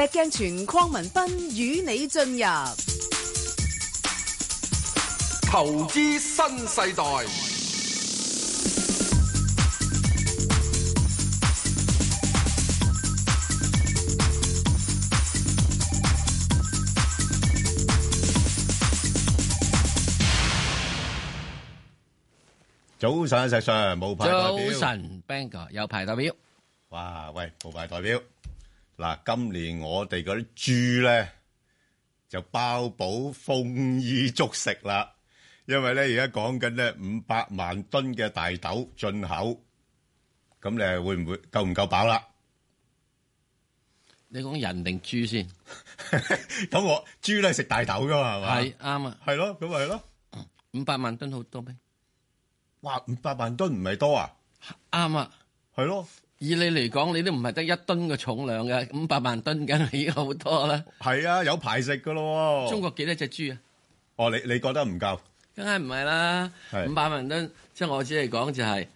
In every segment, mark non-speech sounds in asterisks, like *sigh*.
石鏡泉，鄺民彬與你進入投資新世代。早上，啊，石尚冇牌代表。早晨，Bangor 有牌代表。哇，喂，冇牌代表。嗱，今年我哋嗰啲豬咧就包保豐衣足食啦，因為咧而家講緊咧五百萬噸嘅大豆進口，咁你會唔會夠唔夠飽啦？你講人定豬先，咁我豬咧食大豆噶嘛，係咪？係啱啊，係咯，咁咪咯，五百萬噸好多咩？哇，五百萬噸唔係多啊？啱啊，係咯。以你嚟講，你都唔係得一噸嘅重量嘅，五百萬噸梗係要好多啦。係啊，有排食噶咯。中國幾多隻豬啊？哦，你你覺得唔夠？梗係唔係啦。五百萬噸，即係我只係講就係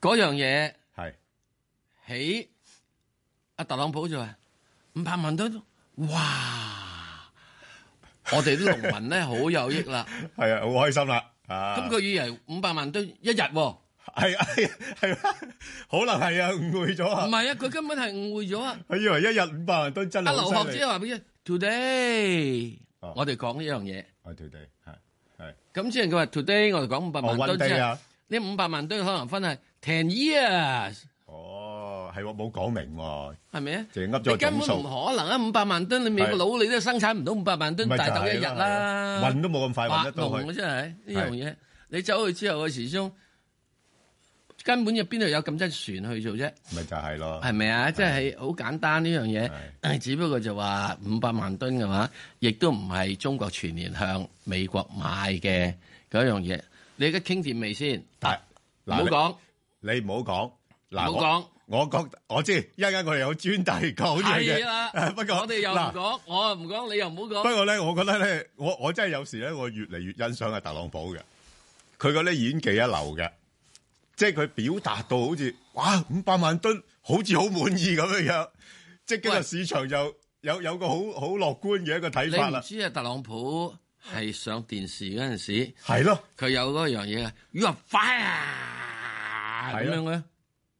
嗰樣嘢。係。起阿特朗普就話五百萬噸，哇！我哋啲農民咧好有益啦。係啊，好開心啦。咁佢要係五百萬噸一日。係係係，可能係啊，誤會咗。唔係啊，佢根本係誤會咗啊！佢以為一日五百萬噸真係。阿劉學姐話俾佢，today 我哋講呢樣嘢。我 today 係係咁先，佢話 today 我哋講五百萬噸。哦，運低啦！呢五百萬噸可能分係 ten years 啊。哦，係喎，冇講明喎。係咪啊？淨係噏咗個總數。你根本唔可能啊！五百萬噸，你美國佬你都生產唔到五百萬噸，大豆一日啦。運都冇咁快運得多去。滑龍啊，真係呢樣嘢。你走去之後嘅時鐘。根本又邊度有咁多船去做啫？咪就係咯，係咪啊？即係好簡單呢樣嘢，是只不過就話五百萬噸嘅話，亦都唔係中國全年向美國買嘅嗰樣嘢。你而家傾掂未先？唔好講，你唔好講，唔好講，我講，我知，一陣間我哋有專題講嘢嘅。不過我哋又唔講，啊、我唔講，你又唔好講。不過咧，我覺得咧，我我真係有時咧，我越嚟越欣賞阿特朗普嘅，佢嗰啲演技一流嘅。即係佢表達到好似，哇五百萬噸，好似好滿意咁樣樣，即係今日市場就有喂有，有個好好樂觀嘅一個睇法啦。你唔知啊，特朗普係上電視嗰陣時候，係咯， *laughs* 佢有嗰樣嘢啊，you are fire 咁樣咧，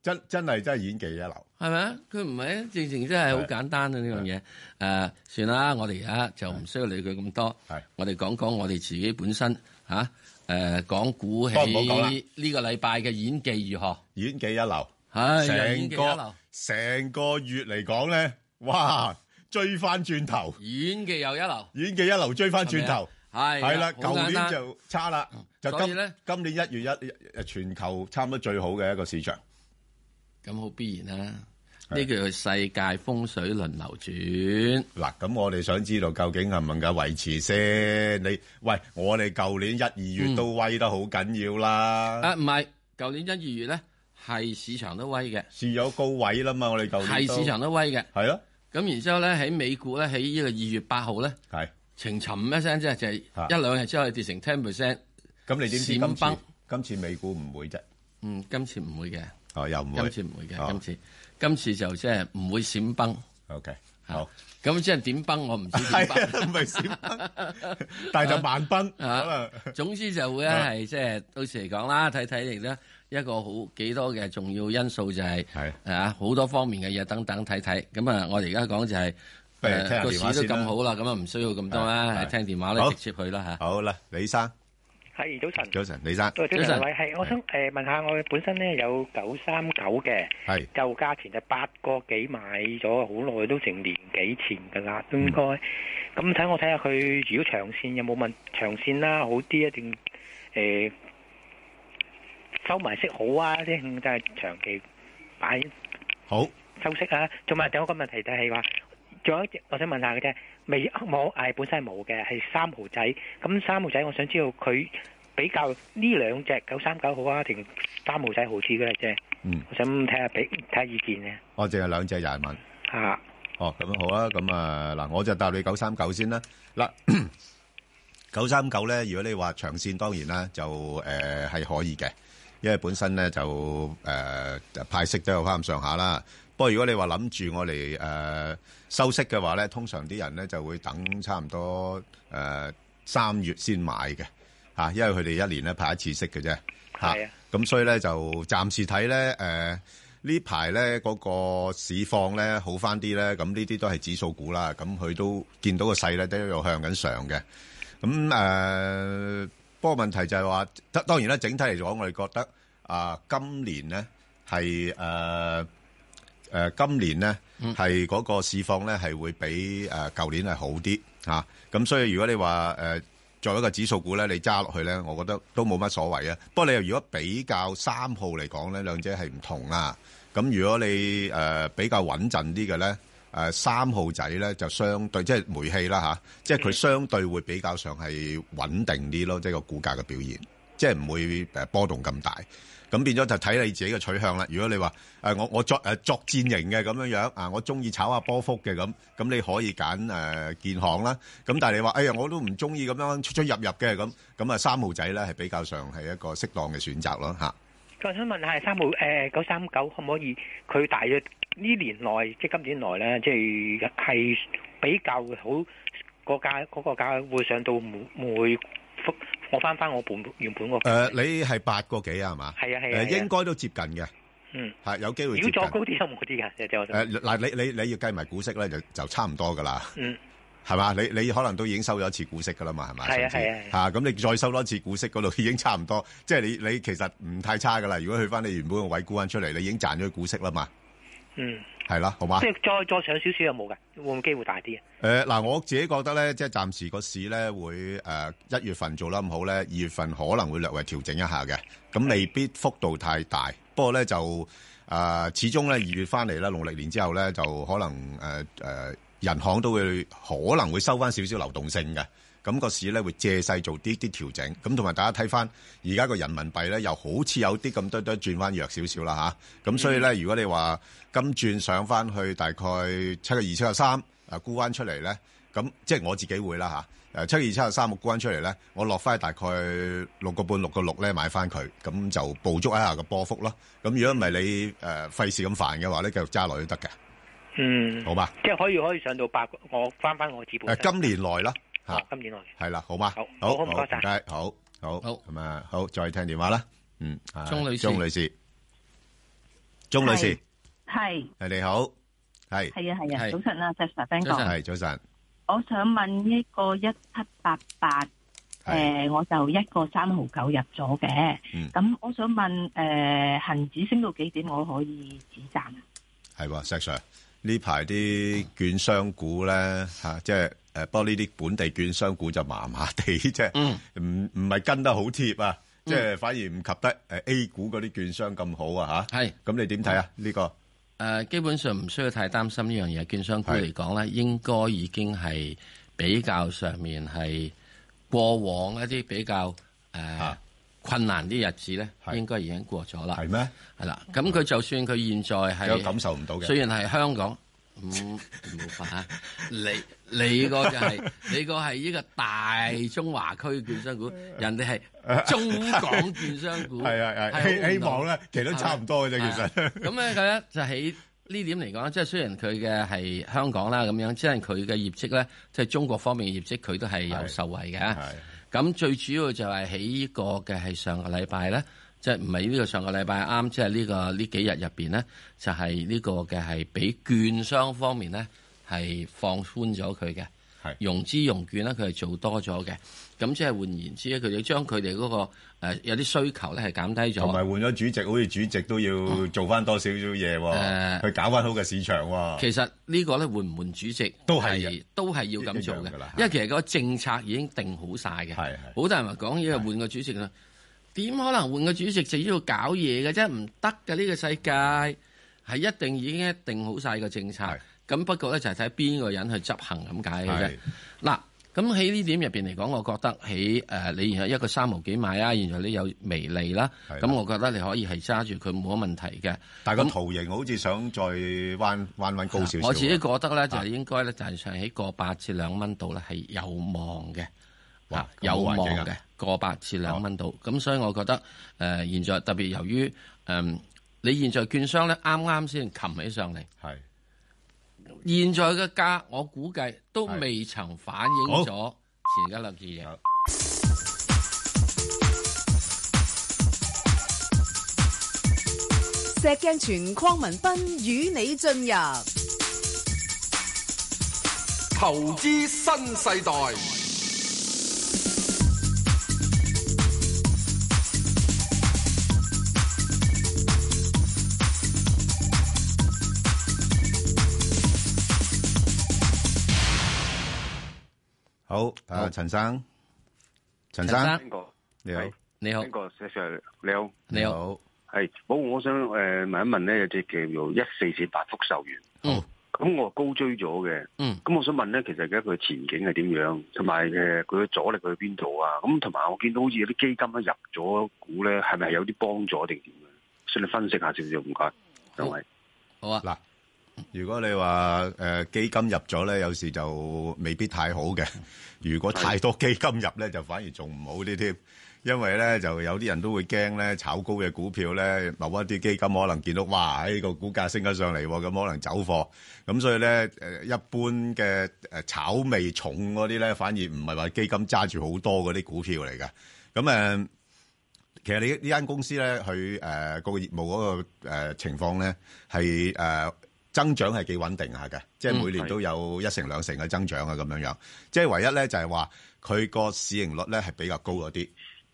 真真係真係演技一流，係咪啊？佢唔係，正正真係好簡單啊呢樣嘢。誒的、啊，算啦，我哋而家就唔需要理佢咁多，係的，我哋講講我哋自己本身嚇。啊誒，講古戲呢個禮拜嘅演技如何？演技一流，係成、啊、個成個月嚟講咧，哇，追翻轉頭，演技又一流，演技一流追翻轉頭，係係啦，舊年就差啦，就今今年一月一誒，全球差唔多最好嘅一個市場，咁好必然啦、啊。呢個叫世界風水輪流轉嗱。咁我哋想知道究竟能唔能夠維持先？你喂，我哋舊年一、二月都威得好緊要啦。啊，唔係，舊年一、二月咧係市場都威嘅，係有高位啦嘛。我哋舊年係市場都威嘅，係咯。咁然之後咧，喺美股咧，喺呢個二月八號咧，係情沉一聲啫，就係一兩日之後跌成 ten percent。咁你點？今次美股唔會啫。嗯，今次唔會嘅。哦，又唔會。今次唔會嘅，今次。今次就即係唔會閃崩，OK，好。咁即係點崩？我唔知。係啊，唔係閃崩，但就慢崩嚇。總之就會咧係即係到時嚟講啦，睇睇嚟呢一個好幾多嘅重要因素就係啊好多方面嘅嘢等等睇睇。咁啊，我哋而家講就係個市都咁好啦，咁啊唔需要咁多啦。聽電話呢，直接去啦嚇好啦，李生。係，早晨，早晨，李生，早晨，喂，係，我想，誒，問下我本身咧有九三九嘅，係舊價錢就八個幾買咗，好耐都成年幾前噶啦，應該，咁睇我睇下佢如果長線有冇問長線啦，好啲一定誒收埋息好啊，即係長期擺好收息啊，同埋第二個問題就係話，仲有一隻我想問下嘅啫。未冇，係本身係冇嘅，係三毫仔。咁三毫仔，我想知道佢比較呢兩隻九三九好啊，定三毫仔好啲嘅咧？即係，嗯，想睇下俾睇下意見啊。我淨係兩隻廿萬。嚇！哦，咁好啊，咁啊嗱，我就答你九三九先啦。嗱，九三九咧，如果你話長線，當然啦，就誒係可以嘅，因為本身咧就誒派息都有翻咁上下啦。不過，如果你話諗住我嚟收息嘅話咧，通常啲人咧就會等差唔多、呃、三月先買嘅、啊、因為佢哋一年咧派一次息嘅啫，咁所以咧就暫時睇咧呢排咧嗰個市況咧好翻啲咧，咁呢啲都係指數股啦，咁佢都見到個勢咧都一路向緊上嘅。咁誒、呃，不過問題就係話，當然啦，整體嚟講，我哋覺得啊、呃，今年咧係呃、今年咧，係嗰個市況咧係會比誒舊、呃、年係好啲咁、啊、所以如果你話誒、呃、作為一個指數股咧，你揸落去咧，我覺得都冇乜所謂啊。不過你又如果比較三號嚟講咧，兩者係唔同啦。咁如果你誒、呃、比較穩陣啲嘅咧，誒、呃、三號仔咧就相對即係煤氣啦吓、啊，即係佢相對會比較上係穩定啲咯，即係個股價嘅表現，即係唔會波動咁大。咁變咗就睇你自己嘅取向啦。如果你話誒我我作誒作戰型嘅咁樣樣啊，我中意炒下波幅嘅咁，咁你可以揀誒建行啦。咁但係你話哎呀我都唔中意咁樣出出入入嘅咁，咁啊三號仔咧係比較上係一個適當嘅選擇咯嚇。我想問下三號誒九三九可唔可以？佢大約呢年內即係今年內咧，即係係比較好個價嗰個價會上到每每。我翻翻我本原本誒、呃，你係八個幾啊？係嘛？係啊係啊，啊呃、啊應該都接近嘅。嗯，啊、有機會。如果再高啲都唔好啲噶，誒，嗱、呃、你你你要計埋股息咧，就就差唔多噶啦。嗯，係嘛？你你可能都已經收咗一次股息噶啦嘛，係咪？係啊係啊，吓咁、啊啊啊、你再收多一次股息嗰度已經差唔多，即、就、係、是、你你其實唔太差噶啦。如果去翻你原本個位沽翻出嚟，你已經賺咗股息啦嘛。嗯。係啦，好嘛？即係再再上少少有冇噶？會唔會機會大啲啊？誒，嗱，我自己覺得咧，即係暫時個市咧會誒一、呃、月份做得咁好咧，二月份可能會略為調整一下嘅。咁未必幅度太大，不過咧就誒、呃、始終咧二月翻嚟啦，農曆年之後咧就可能誒誒、呃呃，人行都會可能會收翻少少流動性嘅。咁、那個市咧會借勢做啲啲調整。咁同埋大家睇翻而家個人民幣咧，又好似有啲咁都都轉翻弱少少啦吓。咁、啊、所以咧，嗯、如果你話，今轉上翻去大概七個二、七個三啊，沽翻出嚟咧，咁即係我自己會啦嚇。誒，七個二、七個三，我沽翻出嚟咧，我落翻大概六個半、六個六咧買翻佢，咁就捕捉一下個波幅咯。咁如果唔係你誒費事咁煩嘅話咧，繼續揸落去都得嘅。嗯，好嘛，即係可以可以上到八個。我翻翻我自本。今年來啦，嚇，今年來。係啦，好嘛。好，好唔該晒，好，好。咁啊，好再聽電話啦。嗯，鐘女士，鐘女士，鐘女士。係係你好，係係啊係啊，早晨啊，石 Sir 係早晨。我想問一個一七八八，誒，我就一個三毫九入咗嘅，咁我想問誒，恒指升到幾點我可以止賺？係喎，石 Sir，呢排啲券商股咧吓，即係誒，不過呢啲本地券商股就麻麻地啫，嗯，唔唔係跟得好貼啊，即係反而唔及得誒 A 股嗰啲券商咁好啊，吓，係，咁你點睇啊？呢個誒，基本上唔需要太擔心呢樣嘢，券商股嚟講咧，是應該已經係比較上面係過往一啲比較誒困難啲日子咧，應該已經過咗啦。係咩嗎？係啦，咁佢就算佢現在係感受唔到嘅，雖然係香港。嗯，冇法啊！你你個就係、係、你 *laughs* 個係一個大中華區嘅券商股， *laughs* 人哋係中港券商股， *laughs* 啊，啊希望咧其實都差唔多嘅啫。其實咁咧，咁咧、啊、 *laughs* 就喺呢點嚟講，即係雖然佢嘅係香港啦咁樣，即係佢嘅業績咧，即、就、係、係、中國方面嘅業績，佢都係有受惠嘅。咁、啊啊、最主要就係喺呢個嘅係上個禮拜咧。即係唔係呢個上個禮拜啱？即係呢個呢幾日入邊咧，就係、是、呢、就是、個嘅係俾券商方面咧係放寬咗佢嘅，係融是資融券咧佢係做多咗嘅。咁即係換言之咧，佢要將佢哋嗰個、呃、有啲需求咧係減低咗，同埋換咗主席，好似主席都要做翻多少少嘢喎，啊、去搞翻好嘅市場喎、啊。其實個呢個咧換唔換主席都係是都係要咁做嘅，因為其實個政策已經定好晒嘅。係係，好多人話講嘢的換個主席啊。點可能換個主席就要搞嘢嘅啫？唔得嘅，呢個世界係一定已經定好晒個政策。咁是的 不過咧就係睇邊個人去執行咁解嘅嗱，咁喺呢點入面嚟講，我覺得喺誒、呃、你現在一個三毫幾買啊，然後你有微利啦。咁是的 我覺得你可以係揸住佢冇乜問題嘅。但係個圖形，好似想再彎那彎，彎，彎高少少。我自己覺得咧、啊、就係應該咧，就係上喺個八至兩蚊度咧係有望嘅，啊有望嘅。個百至兩蚊度，咁、哦、所以我覺得，誒、呃、現在特別由於，嗯、呃，你現在券商咧啱啱先擒起上嚟，係是。現在嘅價，我估計都未曾是反映咗前一兩年嘢。哦、石鏡泉鄺民彬與你進入投資新世代。好，阿、呃、陳生，陳生，陳生你好，你好，邊個 s i 你好，你好，係，好，我想誒問一問咧，有隻叫做一四四八福壽元，咁好我高追咗嘅，嗯，咁我想問咧，其實而家佢前景係點樣，同埋誒佢嘅阻力去邊度啊？咁同埋我見到好似有啲基金入咗股咧，係咪有啲幫助定點嘅？請你分析下少少，唔該，兩位好，會好啊，嗱。如果你話誒基金入咗咧，有時就未必太好嘅。如果太多基金入咧，就反而仲唔好啲添。因為咧，就有啲人都會驚咧，炒高嘅股票咧，某一啲基金，可能見到哇，呢個股價升咗上嚟，咁可能走貨。咁所以咧，誒一般嘅誒炒味重嗰啲咧，反而唔係話基金揸住好多嗰啲股票嚟嘅。咁誒，其實你呢間公司咧，佢誒個業務嗰個誒情況咧，係誒。增長係幾穩定下嘅，即係每年都有一成兩成嘅增長啊咁樣樣。即係唯一咧，就係話佢個市盈率咧係比較高嗰啲，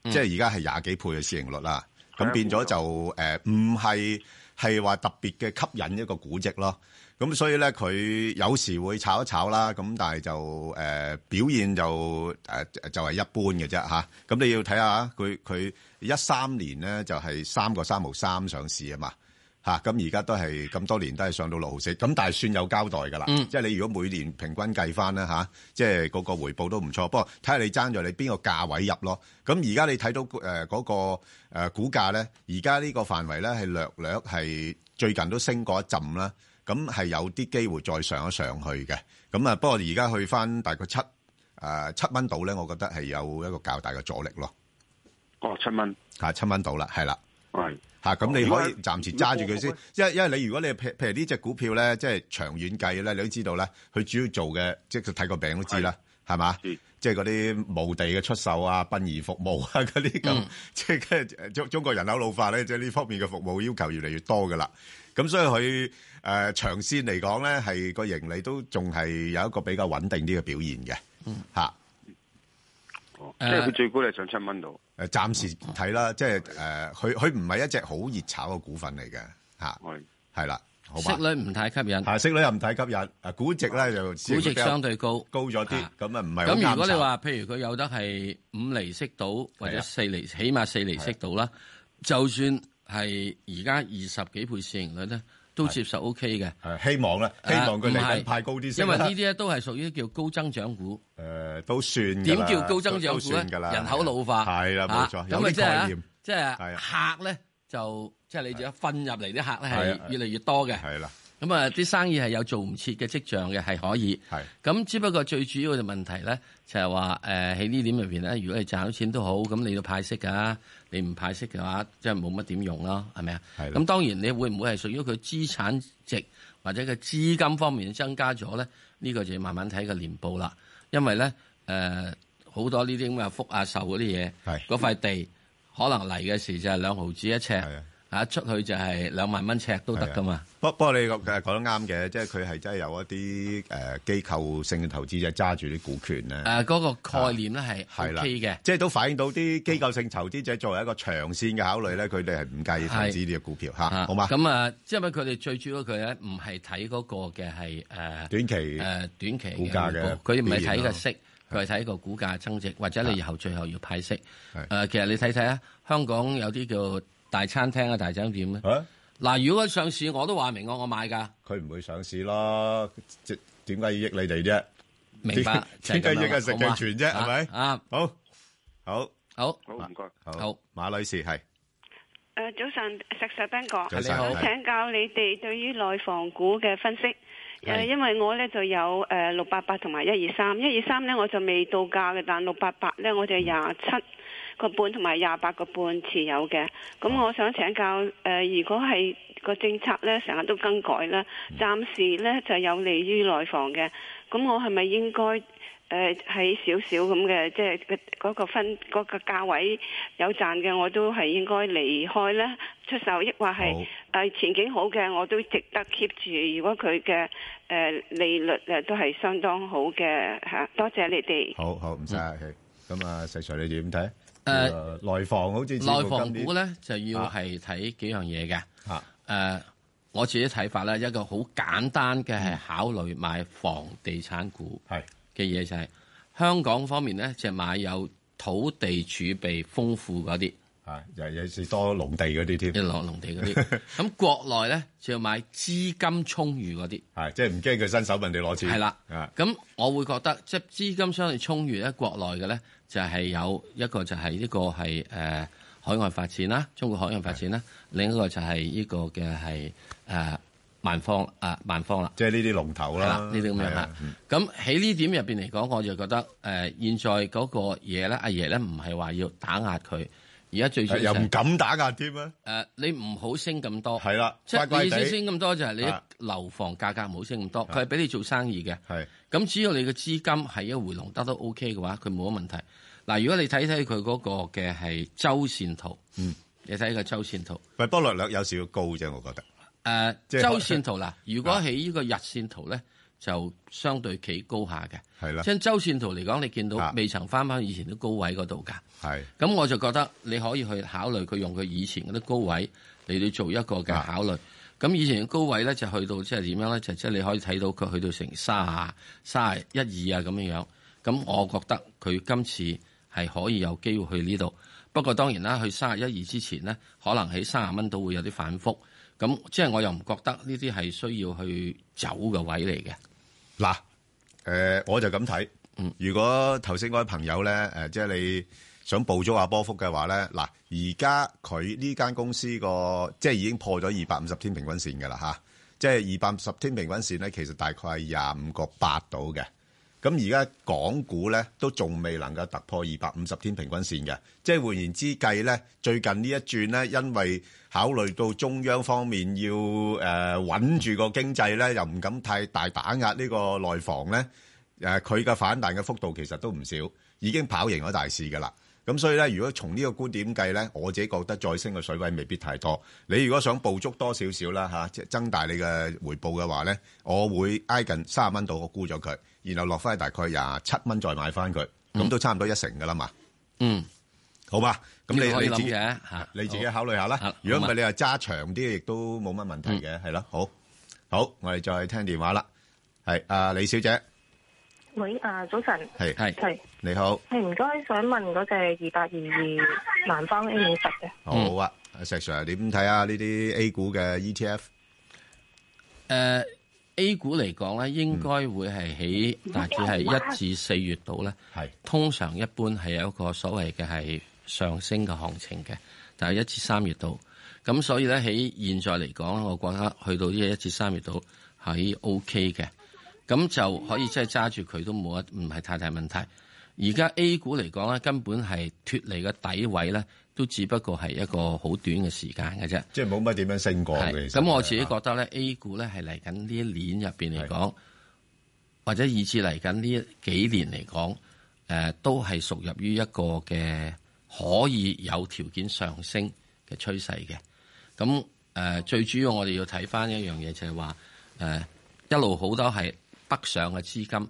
嗯、即係而家係廿幾倍嘅市盈率啦。咁、嗯、變咗就誒唔係係話特別嘅吸引一個估值咯。咁所以咧，佢有時會炒一炒啦，咁但係就誒、呃、表現就、呃、就係、是、一般嘅啫吓，咁你要睇下佢佢一三年咧就係三個三毫三上市啊嘛。嚇，咁而家都係咁多年都係上到六毫四，咁但係算有交代㗎啦。嗯、即係你如果每年平均計翻呢、啊，即係嗰個回報都唔錯。不過睇下你爭在你邊個價位入咯。咁而家你睇到嗰、呃嗰個、呃、股價咧，而家呢個範圍咧係略略係最近都升過一陣啦。咁、啊、係有啲機會再上一上去嘅。咁啊，不過而家去翻大概七、呃、七蚊到咧，我覺得係有一個較大嘅阻力咯。哦，七蚊、啊、七蚊到啦，係啦。係，吓，咁你可以暫時揸住佢先，因因為你如果你譬如譬如呢隻股票咧，即係長遠計咧，你都知道咧，佢主要做嘅即係睇個餅都知啦，係嘛？即係嗰啲墓地嘅出售啊、殯儀服務啊嗰啲咁，嗯、即係中中國人口老化咧，即係呢方面嘅服務要求越嚟越多㗎啦。咁所以佢誒、呃、長線嚟講咧，係個盈利都仲係有一個比較穩定啲嘅表現嘅，嗯即係佢最高係上七蚊度，誒嗯、暫時睇啦，即係誒，佢佢唔係一隻好熱炒嘅股份嚟嘅吓，係啦的，好嘛？息率唔太吸引，係息率又唔太吸引，誒、啊、估值咧就，的估值相對高高咗啲，咁啊唔係咁如果你話譬如佢有得係五厘息到，或者四厘，的起碼四厘息到啦，是是就算係而家二十幾倍市盈率咧。都接受 OK 嘅，係希望啦，希望佢利派高啲，因為呢啲咧都係屬於叫高增長股。誒，都算嘅啦。點叫高增長股咧？人口老化係啦，冇錯。咁啊，即係即係客咧，就即係你自己混入嚟啲客係越嚟越多嘅。係啦。咁啊，啲生意係有做唔切嘅跡象嘅，係可以。係。咁只不過最主要嘅問題咧，就係話誒喺呢點入邊咧，如果你賺到錢都好，咁你要派息㗎。你唔派息嘅話，即係冇乜點用咯，係咪啊？咁的當然你會唔會係屬於佢資產值或者佢資金方面增加咗咧？呢、呢個就要慢慢睇個年報啦。因為咧誒，好、呃、多呢啲咁嘅福啊壽嗰啲嘢，嗰的塊地可能嚟嘅時就係兩毫子一尺。啊！出去就係兩萬蚊尺都得噶嘛。不不過你講講得啱嘅，即係佢係真係有一啲誒機構性投資者揸住啲股權咧。誒，嗰個概念咧係係啦，即係都反映到啲機構性投資者作為一個長線嘅考慮咧，佢哋係唔介意投資呢個股票嚇，好嘛？咁啊，因為佢哋最主要佢咧唔係睇嗰個嘅係誒短期誒短期嘅股價嘅，佢唔係睇個息，佢係睇個股價增值，或者你以後最後要派息。誒，其實你睇睇啊，香港有啲叫，大餐廳啊，大餐店點咧？嗱，如果上市我都話明我，我買噶。佢唔會上市咯，點點解要益你哋啫？明白，點解益係食佢全啫？係咪？啊，好好好，唔該，好馬女士係。誒，早上石石彬哥，請教你哋對於內房股嘅分析。誒，因為我咧就有誒六八八同埋一二三，一二三咧我就未到價嘅，但六八八咧我哋廿七。個半同埋廿八個半持有嘅。咁我想請教誒、呃，如果係個政策咧成日都更改啦，暫時咧就有利於內房嘅，咁我係咪應該誒喺少少咁嘅即係嗰個分嗰、嗰個價位有賺嘅我都係應該離開咧出售，抑或係誒好、呃、前景好嘅我都值得 keep 住？如果佢嘅誒利率誒都係相當好嘅嚇，多謝你哋。好好唔使。曬、嗯、你，咁啊石 Sir 你哋點睇？誒、呃、內房好似、呃、內房股咧，就要係睇幾樣嘢嘅。誒、啊呃、我自己睇法咧，一個好簡單嘅係考慮買房地產股嘅嘢、嗯、就係香港方面咧，就係、買有土地儲備豐富嗰啲。啊！又有時多農地嗰啲添，一落農地嗰啲咁國內咧，就要買資金充裕嗰啲，係即係唔驚佢伸手問你攞錢。係啦的，咁的我會覺得即係、就是、資金相對充裕咧，國內嘅咧就係、是、有一個就係、是、呢、這個係誒、呃、海外發展啦，中國海外發展啦，的另一個就係呢個嘅係誒萬方啊萬方啦，即係呢啲龍頭啦，呢啲咁樣啦。咁喺呢點入邊嚟講，我就覺得誒、呃、現在嗰個嘢咧，阿、啊、爺咧唔係話要打壓佢。而家最最又唔敢打壓添啊！呃、你唔好升咁多，係啦的，貴升咁多就係你樓房價格唔好升咁多，佢係俾你做生意嘅。咁的只要你嘅資金係一回籠得都 OK 嘅話，佢冇乜問題。嗱、呃，如果你睇睇佢嗰個嘅係周線圖，嗯，你睇個周線圖，唔係波略略有少少高啫，我覺得。誒、呃，即是周線圖啦的，如果喺呢個日線圖咧。就相對企高下嘅，即係的周線圖嚟講，你見到未曾翻返以前啲高位嗰度㗎。係的，咁我就覺得你可以去考慮佢用佢以前嗰啲高位嚟到做一個嘅考慮。咁的以前嘅高位咧就去到即係點樣咧？就即係你可以睇到佢去到成卅、卅一二啊咁樣樣。咁我覺得佢今次係可以有機會去呢度。不過當然啦，去卅一二之前咧，可能喺卅蚊度會有啲反覆。咁即係我又唔覺得呢啲係需要去走嘅位嚟嘅。嗱，誒我就咁睇，如果頭先嗰位朋友咧，即係你想捕捉下波幅嘅話咧，嗱，而家佢呢間公司個即係已經破咗二百五十天平均線㗎啦吓，即係二百五十天平均線咧，其實大概係廿五個八到嘅。咁而家港股咧都仲未能夠突破二百五十天平均線嘅，即係換言之計咧，最近呢一轉咧，因為考慮到中央方面要誒穩住個經濟咧，又唔敢太大打壓呢個內房咧，誒佢嘅反彈嘅幅度其實都唔少，已經跑贏咗大市噶啦。咁所以咧，如果從呢個觀點計咧，我自己覺得再升嘅水位未必太多。你如果想捕捉多少少啦吓、啊，即係增大你嘅回報嘅話咧，我會挨近三十蚊度，我沽咗佢。然後落翻去大概廿七蚊再買翻佢，咁都差唔多一成噶啦嘛。嗯，好吧，咁你你自己你自己考慮下啦。如果唔係你話揸長啲，亦都冇乜問題嘅，係咯。好，好，我哋再聽電話啦。係啊，李小姐，喂啊，早晨，係係係，你好。唔該，想問嗰隻二八二二南方 A 五十嘅。好啊，阿石 Sir 點睇下呢啲 A 股嘅 ETF，誒。A 股嚟講咧，應該會係喺，大概係一至四月度咧，是通常一般係有一個所謂嘅係上升嘅行情嘅。但係一至三月度，咁所以咧喺現在嚟講，我覺得去到呢一至三月度係 O K 嘅，咁就可以即係揸住佢都冇乜，唔係太大問題。而家 A 股嚟講咧，根本係脱離嘅底位咧。都只不過係一個好短嘅時間嘅啫，即係冇乜點樣升過嘅。咁是實我自己覺得咧是，A 股咧係嚟緊呢一年入面嚟講，的或者以至嚟緊呢幾年嚟講，呃、都係屬入於一個嘅可以有條件上升嘅趨勢嘅。咁、呃、最主要我哋要睇返一樣嘢就係話、呃、一路好多係北上嘅資金。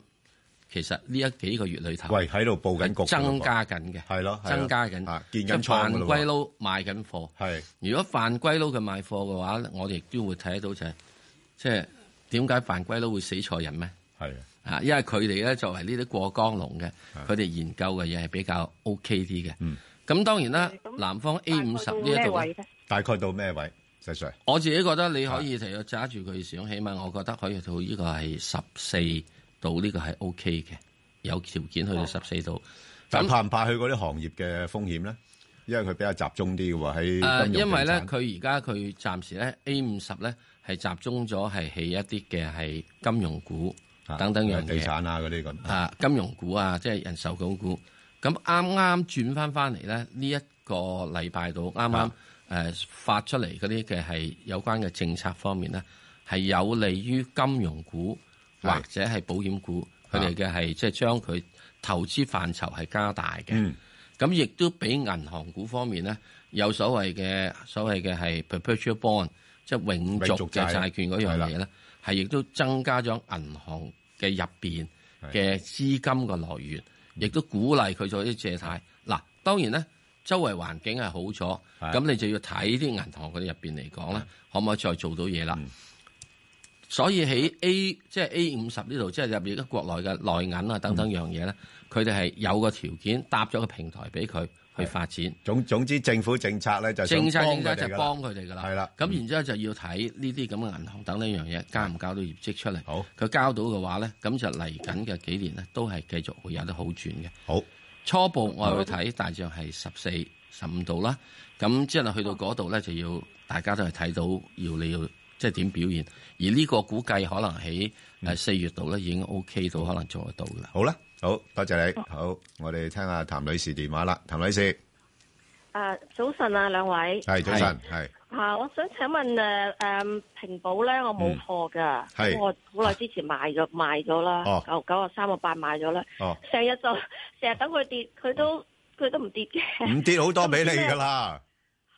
其實呢一幾個月裏頭，喂喺度佈緊局，增加緊嘅，係咯，增加緊，即係番鬼佬賣緊貨。係，如果番鬼佬嘅賣貨嘅話，我哋亦都會睇得到就係，即係點解番鬼佬會死錯人咩？係啊，因為佢哋咧作為呢啲過江龍嘅，佢哋研究嘅嘢係比較 OK 啲嘅。咁當然啦，南方 A 五十呢一度，大概到咩位？細碎，我自己覺得你可以提要揸住佢想起碼我覺得可以到呢個係十四。到呢個係 O K 嘅，有條件去到十四度，啊、那但怕唔怕去嗰啲行業嘅風險咧？因為佢比較集中啲嘅喎，喺金融、地產、啊、因為咧，佢而家佢暫時咧 A 五十咧係集中咗係起一啲嘅係金融股等等樣、啊、地產啊嗰啲咁啊，金融股啊，即係人壽港股，股。咁啱啱轉翻翻嚟咧，呢、這、一個禮拜度啱啱誒發出嚟嗰啲嘅係有關嘅政策方面咧，係有利於金融股。或者係保險股，佢哋嘅係即係將佢投資範疇係加大嘅。咁亦都俾銀行股方面咧，有所謂嘅所謂嘅係 perpetual bond，即係永續嘅債券嗰樣嘢咧，係亦都增加咗銀行嘅入邊嘅資金嘅來源，亦都、嗯、鼓勵佢做啲借貸。嗱，當然咧，周圍環境係好咗，咁的你就要睇啲銀行佢入邊嚟講咧，的可唔可以再做到嘢啦？嗯所以喺 A 即係 A 五十呢度，即係入面嘅國內嘅內銀啊等等樣嘢咧，佢哋係有個條件搭咗個平台俾佢去發展。嗯、總總之政府政策咧就政策政策就幫佢哋噶啦。啦了。咁然之後就要睇呢啲咁嘅銀行等呢樣嘢交唔交到業績出嚟。佢好交到嘅話咧，咁就嚟緊嘅幾年咧都係繼續會有得好轉嘅。好初步我去睇大致係十四十五度啦。咁即係去到嗰度咧，就要大家都係睇到要你要。即係點表現？而呢個估計可能喺誒四月度咧，已經 OK 到，可能做得到噶啦。好啦，好多謝你。哦、好，我哋聽下譚女士電話啦。譚女士，誒、啊，早晨啊，兩位係早晨係。吓是是、啊，我想請問誒誒、呃，平保咧，我冇貨噶，嗯、我好耐之前賣咗賣咗啦，九九啊三個八賣咗啦，成日、哦哦、就成日等佢跌，佢都佢都唔跌嘅，唔跌好多俾你噶啦。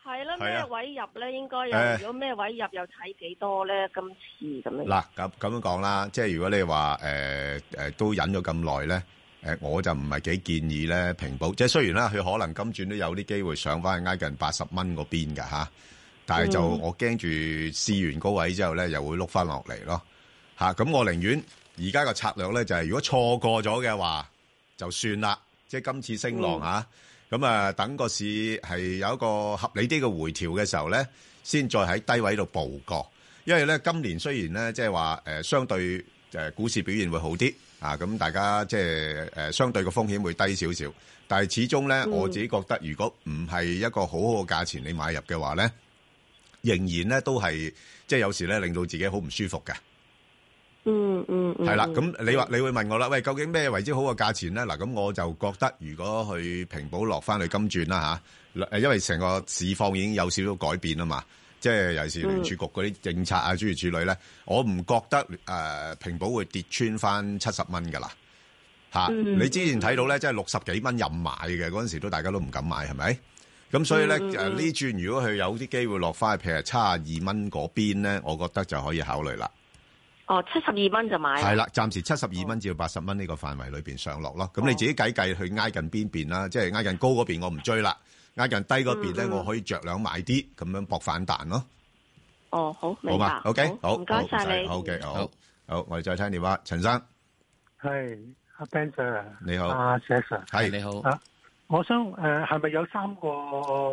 係咯，咩位入咧？應該有如果咩位入又睇幾多咧？今次咁樣嗱，咁咁樣講啦，即係如果你話誒誒都忍咗咁耐咧，誒、呃、我就唔係幾建議咧平保，即係雖然啦，佢可能今轉都有啲機會上翻去挨近八十蚊嗰邊嘅、啊、但係就我驚住試完高位之後咧，又會碌翻落嚟咯嚇。咁、啊、我寧願而家個策略咧就係、是，如果錯過咗嘅話，就算啦。即係今次升浪、嗯、啊！咁啊，等個市係有一個合理啲嘅回調嘅時候咧，先再喺低位度佈局。因為咧，今年雖然咧，即係話相對股市表現會好啲啊，咁大家即係相對嘅風險會低少少，但係始終咧，我自己覺得如果唔係一個好好嘅價錢你買入嘅話咧，仍然咧都係即係有時咧令到自己好唔舒服嘅。嗯嗯，係、嗯、啦，咁、嗯、你話你會問我啦，喂，究竟咩為之好嘅價錢咧？嗱，咁我就覺得如果去平保落翻去金轉啦吓，因為成個市況已經有少少改變吖嘛，即、就、係、是、尤其是聯儲局嗰啲政策啊，諸如此類咧，我唔覺得誒、呃、平保會跌穿翻七十蚊噶啦，吓、啊，你之前睇到咧即係六十幾蚊任買嘅嗰陣時，都大家都唔敢買係咪？咁所以咧誒呢轉、嗯嗯啊、如果佢有啲機會落翻去譬如七十二蚊嗰邊咧，我覺得就可以考慮啦。哦，七十二蚊就買。係啦，暫時七十二蚊至到八十蚊呢個範圍裏邊上落咯。咁你自己計計去挨近邊邊啦，即係挨近高嗰邊我唔追啦，挨近低嗰邊咧我可以着兩買啲，咁樣搏反彈咯。哦，好明白。好嘛，OK，好，唔該晒你。OK，好，好，我哋再聽電話，陳生。係，阿 Ben Sir。你好。Sir。係你好。我想誒，係咪有三個？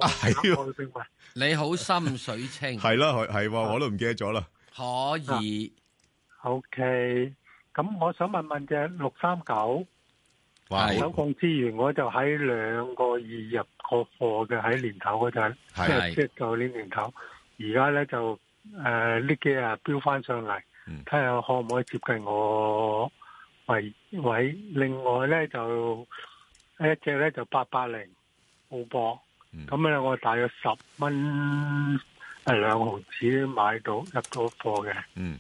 啊，係。你好，心水清。係啦，係係我都唔記得咗啦。可以。O.K.，咁我想問問隻六三九，首鋼哇資源我就喺兩個二入個貨嘅，喺年頭嗰陣，即係即舊年年頭，而家咧就誒呢、呃、幾日飆翻上嚟，睇下、嗯、可唔可以接近我位位。另外咧就一隻咧就八八零澳博，咁咧、嗯、我大約十蚊誒兩毫紙買到入個貨嘅。嗯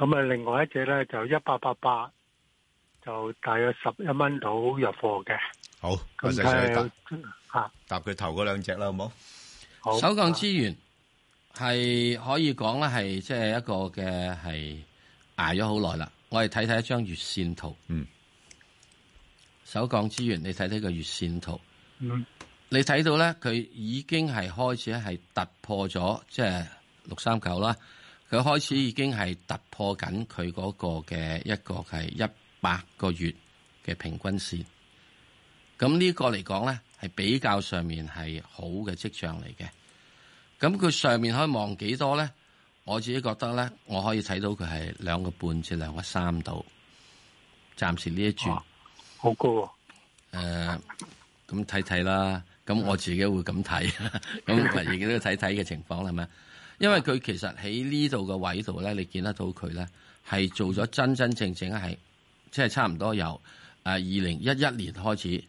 咁啊，另外一隻咧就一八八八，就大約十一蚊到入貨嘅。好，唔該曬你答嚇，答佢頭嗰兩隻啦，好冇？好。好首鋼資源係可以講咧，係即係一個嘅係捱咗好耐啦。我哋睇睇一張月線圖。嗯。首鋼資源，你睇睇個月線圖。嗯。你睇到咧，佢已經係開始係突破咗，即係六三九啦。佢開始已經係突破緊佢嗰個嘅一個係一百個月嘅平均線，那這個來，咁呢個嚟講咧係比較上面係好嘅跡象嚟嘅。咁佢上面可以望幾多咧？我自己覺得咧，我可以睇到佢係兩個半至兩個三度。暫時呢一轉好高喎。哦。誒、呃，咁睇睇啦。咁我自己會咁睇，咁亦、嗯、 *laughs* 都睇睇嘅情況係咪？ *laughs* 是因為佢其實喺呢度嘅位度咧，你見得到佢咧，係做咗真真正正係，即係差唔多由誒二零一一年開始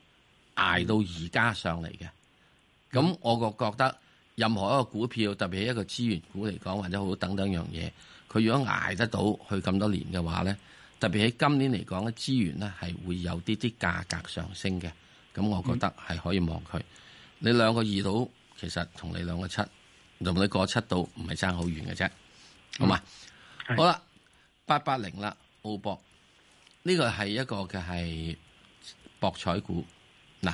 捱到而家上嚟嘅。咁我個覺得，任何一個股票，特別係一個資源股嚟講，或者好等等樣嘢，佢如果捱得到去咁多年嘅話咧，特別喺今年嚟講咧，資源咧係會有啲啲價格上升嘅。咁我覺得係可以望佢。你兩個二到，其實同你兩個七。同你過七度唔係爭好遠嘅啫，好嘛？嗯、好啦，八八零啦，澳博呢個係一個嘅係博彩股嗱，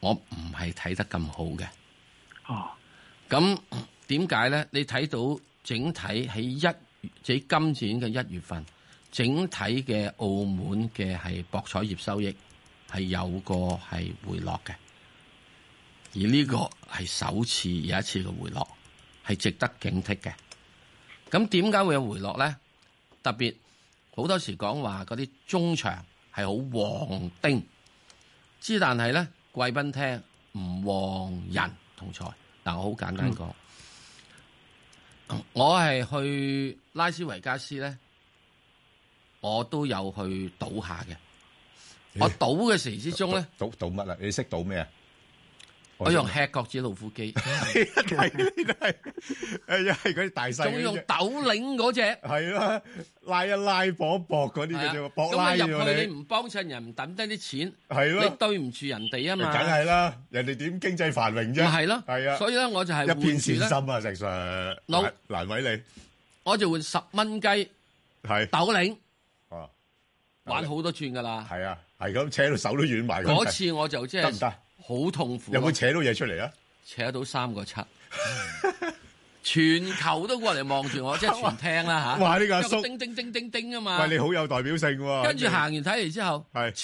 我唔係睇得咁好嘅。哦，咁點解咧？你睇到整體喺一即今年嘅一月份，整體嘅澳門嘅係博彩業收益係有個係回落嘅，而呢個係首次有一次嘅回落。係值得警惕嘅。咁點解會有回落咧？特別好多時講話嗰啲中場係好旺丁，之但係咧，貴賓廳唔旺人同財。但我好簡單講，嗯、我係去拉斯維加斯咧，我都有去賭下嘅。我賭嘅時之中咧，賭賭乜啊？你識賭咩啊？我用吃角子老虎機，一睇都係誒，又係嗰啲大細，仲要用斗零嗰隻，係啦，拉一拉搏搏嗰啲嘅，搏拉咁啊，入去你唔幫襯人，唔抌低啲錢，係咯，你對唔住人哋啊嘛，梗係啦，人哋點經濟繁榮啫，係咯，係啊，所以咧我就係一片善心啊，石 Sir，難為你，我就換十蚊雞，係斗零，哦，玩好多轉噶啦，係啊，係咁扯到手都軟埋，嗰次我就即係得。好痛苦，有冇扯到嘢出嚟啊？扯到三個七，全球都過嚟望住我，即係全聽啦嚇。哇！呢個阿叔叮叮叮叮叮啊嘛！喂，你好有代表性喎！跟住行完睇嚟之後，係黐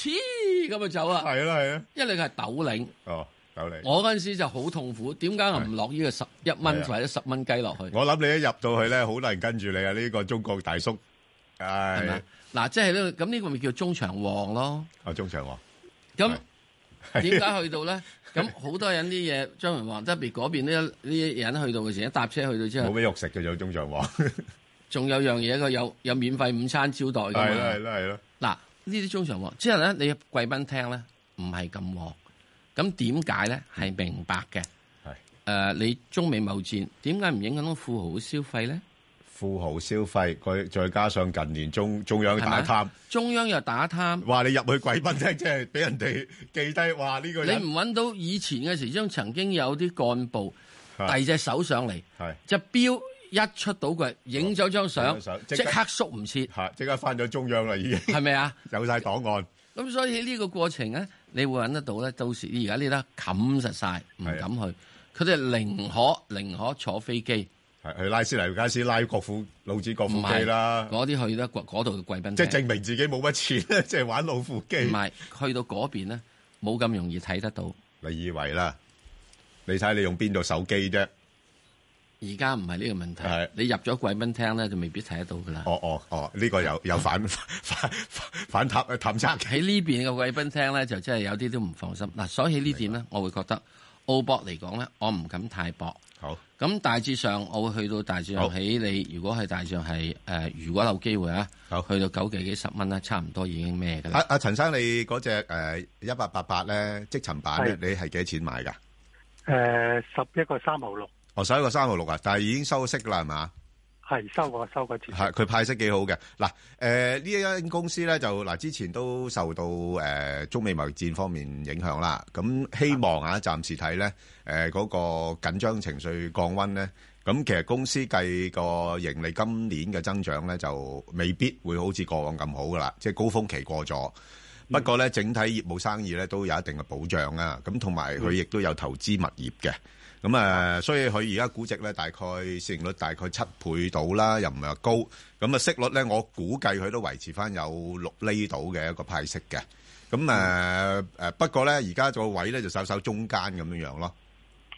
咁啊走啊！係啦係啦，因為你係斗領哦，斗領。我嗰陣時就好痛苦，點解我唔落呢個十一蚊或者十蚊雞落去？我諗你一入到去咧，好難跟住你啊！呢個中國大叔係咪？嗱，即係呢，咁呢個咪叫中場王咯？啊，中場王咁。點解是去到咧？咁好是的 多人啲嘢，張文華特別嗰邊啲啲人去到嘅時候，一搭車去到之後，冇咩肉食嘅有中場皇 *laughs* ，仲有樣嘢佢有有免費午餐招待嘅。係啦係啦係啦！嗱，呢啲中場皇之後咧，你貴賓廳咧唔係咁旺，咁點解咧係明白嘅？係誒是的、呃，你中美貿易戰，點解唔影響到富豪嘅消費咧？富豪消費，佢再加上近年中中央打貪，中央又打貪，話你入去貴賓廳，即係俾人哋記低。話呢、呢個你唔揾到以前嘅時候，中曾經有啲幹部第二隻手上嚟，隻錶是一出到櫃影咗張相，即刻縮唔切，嚇即刻返咗中央啦已經，係咪啊？有晒檔案，咁所以呢個過程咧，你會揾得到咧。到時而家呢，得冚實晒，唔敢去，佢哋是寧可寧可坐飛機。去拉斯尼加斯拉國父老子國父機啦，嗰啲去咧，嗰嗰度貴賓廳，即係證明自己冇乜錢咧，即係玩老虎機。唔係，去到嗰邊咧，冇咁容易睇得到。你以為啦？你睇你用邊度手機啫？而家唔係呢個問題，是你入咗貴賓廳咧，就未必睇得到噶啦。哦哦哦，呢個又有反 *laughs* 反反，反探探查。喺呢邊嘅貴賓廳咧，就真係有啲都唔放心。嗱，所以在這點呢點咧，白我會覺得澳博嚟講咧，我唔敢太博。好，咁大致上我會去到大致上起。起你好，如果係大致上係誒、呃，如果有機會啊，好去到九幾幾十蚊啦，差唔多已經咩嘅啦。阿阿陳生，你嗰隻誒一八八八咧即層版咧，的你係幾錢買噶？誒、呃，十一個三號六，哦，十一個三號六啊，但係已經收息啦，係嘛？係收過收過錢，係佢派息幾好嘅。嗱，誒呢一間公司咧就嗱，之前都受到誒中美貿易戰方面影響啦。咁希望啊，暫時睇咧，誒嗰個緊張情緒降溫咧。咁其實公司計個盈利今年嘅增長咧，就未必會好似過往咁好噶啦。即係高峰期過咗，不過咧整體業務生意咧都有一定嘅保障啊。咁同埋佢亦都有投資物業嘅。咁誒，所以佢而家估值咧，大概市盈率大概七倍度啦，又唔係話高。咁啊息率咧，我估計佢都維持翻有六厘度嘅一個派息嘅。咁誒誒，不過咧而家個位咧就稍稍中間咁樣樣咯。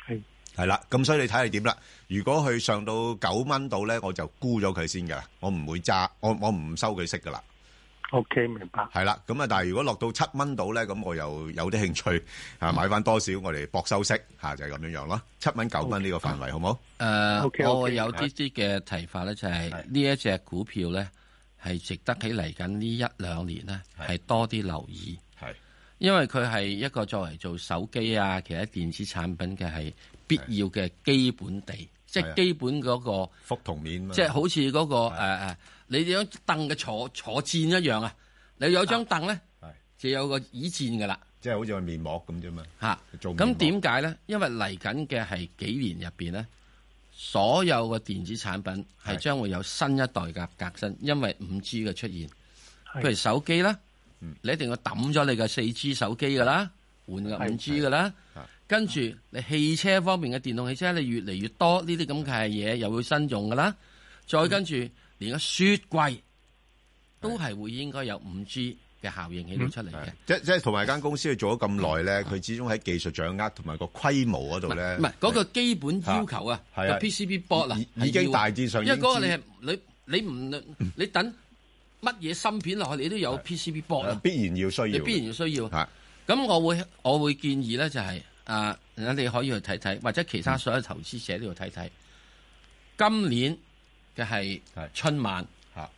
係係啦，咁所以你睇係點啦？如果佢上到九蚊度咧，我就沽咗佢先㗎，我唔會揸，我我唔收佢息㗎啦。O、okay, K，明白。係啦，咁啊，但係如果落到七蚊到咧，咁我又有啲興趣啊，買翻多少，我哋搏收息嚇，就係、是、咁樣樣咯。七蚊、九蚊呢個範圍，好唔好？誒，uh, okay , okay, 我有啲啲嘅提法咧、就是，就係呢一隻股票咧，係值得喺嚟緊呢一兩年咧，係多啲留意。係的，因為佢係一個作為做手機啊，其他電子產品嘅係必要嘅基本地，的即係基本嗰、那個。覆銅面嘛。即係好似嗰、那個誒你哋張凳嘅坐坐墊一樣啊！你有張凳咧，啊、就有個椅墊噶啦，即係好似個面膜咁啫嘛嚇。做咩？咁點解咧？因為嚟緊嘅係幾年入面咧，所有嘅電子產品係將會有新一代嘅革新，是因為五 G 嘅出現，是譬如手機啦，嗯、你一定要揼咗你嘅四 G 手機噶啦，換個五 G 噶啦，跟住着、啊、你汽車方面嘅電動汽車，你越嚟越多呢啲咁嘅嘢，又會新用噶啦，再跟住。嗯連個雪櫃都係會應該有五 G 嘅效應起到出嚟嘅、嗯，即即係同埋間公司去做咗咁耐咧，佢、嗯、始終喺技術掌握同埋個規模嗰度咧，唔係嗰個基本要求啊，個、啊啊、PCB board 啦、啊、已、已經大致上已經，因為嗰個你係你你唔你等乜嘢芯片落去，你都有 PCB board 必然要需要，必然要需要。咁、啊、我會我會建議咧就係、是、啊，你可以去睇睇，或者其他所有投資者都要睇睇，嗯、今年。嘅係春晚吓，是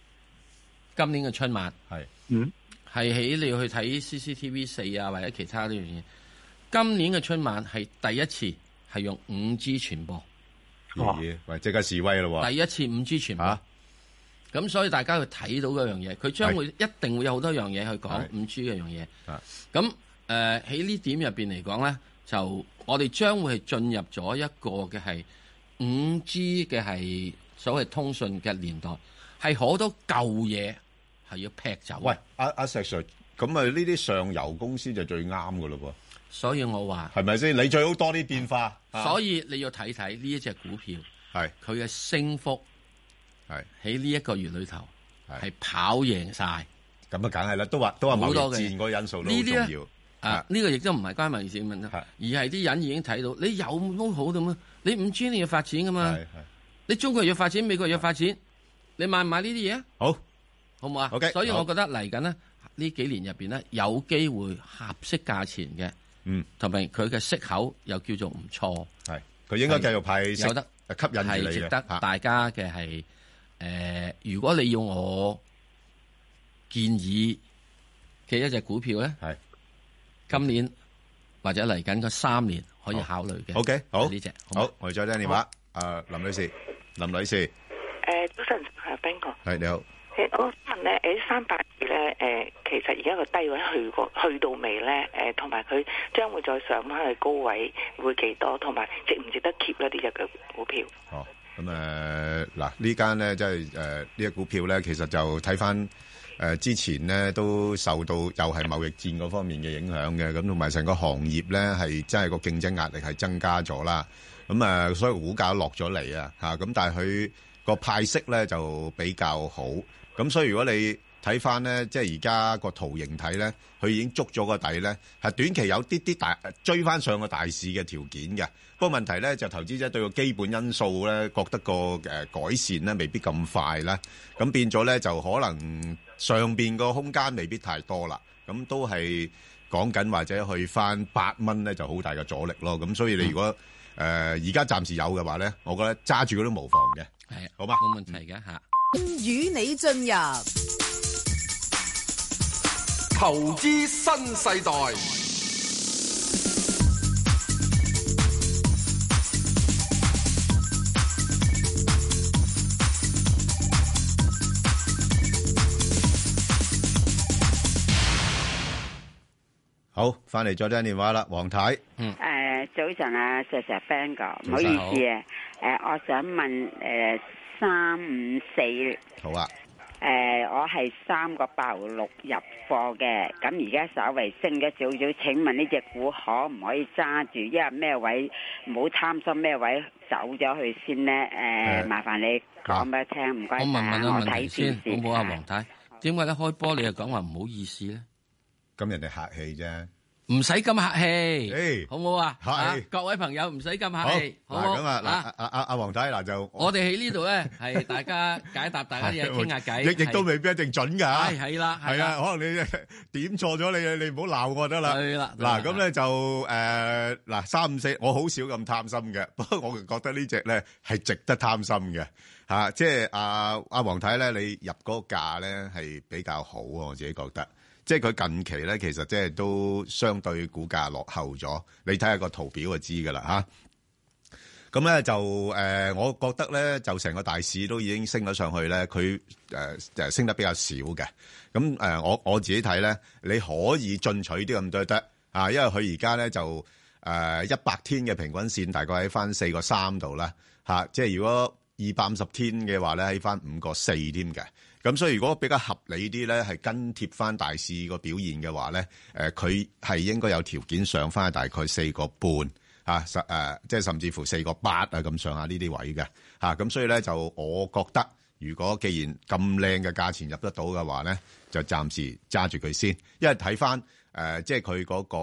今年嘅春晚係是嗯係喺你要去睇 CCTV 四啊，或者其他呢樣嘢。今年嘅春晚係第一次係用五 G 傳播，哇、啊！喂，即刻示威咯，第一次五 G 傳播咁，啊、所以大家去睇到嗰樣嘢，佢將會是一定會有好多樣嘢去講五 G 嘅樣嘢。咁誒喺呢點入邊嚟講咧，就我哋將會係進入咗一個嘅係五 G 嘅係。所謂通訊嘅年代，係好多舊嘢係要劈走的。喂，阿、啊、阿石 Sir，咁啊呢啲上游公司就最啱噶咯噃。所以我話係咪先？你最好多啲變化。所以你要睇睇呢一隻股票，係佢嘅升幅係喺呢一個月裏頭係跑贏晒。咁啊，梗係啦，都話都話貿易戰個因素都好重要。呢啲啊，呢是、啊這個亦都唔係關民政治問題，是而係啲人已經睇到，你有都好噶嘛？你五 G 你要發展噶嘛？你中國要發展，美國要發展，你買唔買呢啲嘢啊？好，好唔好啊？OK，所以我覺得嚟緊咧呢幾年入邊咧有機會合適價錢嘅，嗯，同埋佢嘅息口又叫做唔錯，係佢應該繼續派息，有得吸引你值得大家嘅係誒，如果你要我建議嘅一隻股票咧，係今年或者嚟緊嘅三年可以考慮嘅。O K，好，呢隻好，我哋再聽電話。誒，林女士。林女士，誒，早晨係邊個？係，你好。誒，我問咧，誒，三百二咧，誒，其實而家個低位去過，去到未咧？誒，同埋佢將會再上翻去高位，會幾多？同埋值唔值得 keep 嗰啲嘅股票？哦，咁誒，嗱，呢間咧即係誒，呢隻股票咧，其實就睇翻誒之前咧都受到又係貿易戰嗰方面嘅影響嘅，咁同埋成個行業咧係真係個競爭壓力係增加咗啦。咁啊，所以股價落咗嚟啊，嚇！咁但係佢個派息咧就比較好，咁所以如果你睇翻咧，即係而家個圖形睇咧，佢已經捉咗個底咧，係短期有啲啲大追翻上個大市嘅條件嘅。不過問題咧就投資者對個基本因素咧覺得個誒改善咧未必咁快啦，咁變咗咧就可能上邊個空間未必太多啦，咁都係講緊或者去翻八蚊咧就好大嘅阻力咯。咁所以你如果，誒而家暫時有嘅話咧，我覺得揸住嗰啲無妨嘅，係嘅，好吧？冇問題嘅吓，嗯。與你進入投資新世代。好，翻嚟再聽電話啦，黃太。嗯。誒，Sir Sir ger，早晨啊，石 Sir、Bang 哥，唔好意思啊。誒、呃，我想問誒，三五四。3, 5, 4，好啊。誒、呃，我係三個八六入貨嘅，咁而家稍微升咗少少，請問呢隻股可唔可以揸住？因為咩位，唔好貪心咩位走咗去先呢。誒、呃的，麻煩你講俾我聽，唔該。我問問個問題先問問，好唔好啊，黃太？點解一開波你又講話唔好意思咧？咁人哋客氣啫，唔使咁客氣，好唔好啊？係各位朋友，唔使咁客氣，好嗱咁啊嗱阿阿阿黃太嗱就我哋喺呢度咧，係大家解答大家啲嘢傾下偈，亦亦都未必一定準噶，係係啦，係啊，可能你點錯咗你你唔好鬧我都得啦，係啦嗱咁咧就誒嗱三五四我好少咁貪心嘅，不過我覺得呢隻咧係值得貪心嘅吓，即係阿阿黃太咧，你入嗰個價咧係比較好啊，我自己覺得。即係佢近期咧，其實即係都相對股價落後咗。你睇下個圖表就知㗎啦嚇。咁咧就、呃、我覺得咧就成個大市都已經升咗上去咧，佢、呃、升得比較少嘅。咁、呃、我我自己睇咧，你可以進取啲咁多得嚇，因為佢而家咧就誒一百天嘅平均線大概喺翻四個三度啦嚇。即係如果二百五十天嘅話咧，喺翻五個四添嘅。咁所以如果比較合理啲咧，係跟貼翻大市個表現嘅話咧，誒佢係應該有條件上翻大概四個半嚇，十、啊、即係甚至乎四個八啊咁上下呢啲位嘅嚇。咁、啊、所以咧就我覺得，如果既然咁靚嘅價錢入得到嘅話咧，就暫時揸住佢先，因為睇翻誒，即係佢嗰個、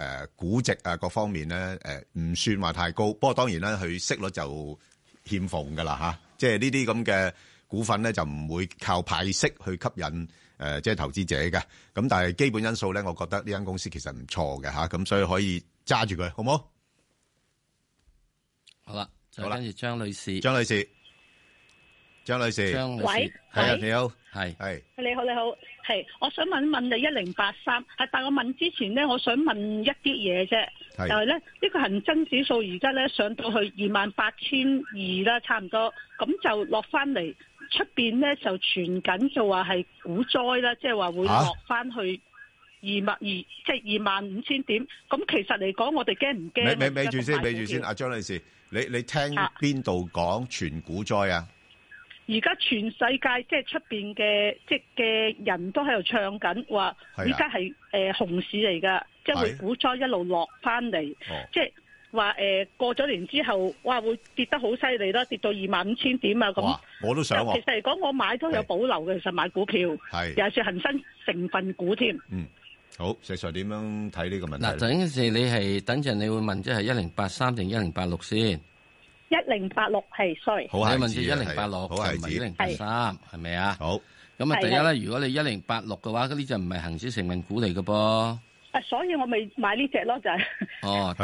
呃、估值啊各方面咧，誒、呃、唔算話太高。不過當然呢，佢息率就欠奉㗎啦吓，即係呢啲咁嘅。股份咧就唔會靠派息去吸引誒，即係投資者嘅。咁但係基本因素咧，我覺得呢間公司其實唔錯嘅嚇。咁所以可以揸住佢，好唔好？好啦，跟住張女士，張女士，張女士，張女士，係你好，係係，你好你好係。我想問問你一零八三，係但係我問之前咧，我想問一啲嘢啫。係，就係咧，呢個恆生指數而家咧上到去二萬八千二啦，差唔多，咁就落翻嚟。出邊咧就傳緊就話係股災啦，即係話會落翻去二萬、啊、二，即係二萬五千點。咁其實嚟講，我哋驚唔驚？咪咪住先，咪住先。阿張女士，你你聽邊度講傳股災啊？而家全世界即係出邊嘅即嘅人都喺度唱緊，話而家係誒熊市嚟噶，的即係會股災一路落翻嚟，哦、即係。話誒，過咗年之後，哇，會跌得好犀利啦，跌到二萬五千點啊！咁，我都想。其實嚟講，我買都有保留嘅，其實買股票，又係說恒生成份股添。嗯，好，石 Sir 點樣睇呢個問題？嗱，等陣時，你係等陣你會問，即係一零八三定一零八六先？一零八六係 sorry 好，你問一零八六，係唔係一零八三？係咪啊？好。咁啊，第一咧，如果你一零八六嘅話，嗰啲就唔係恒生成份股嚟嘅噃。所以我咪買呢隻咯，就係。哦，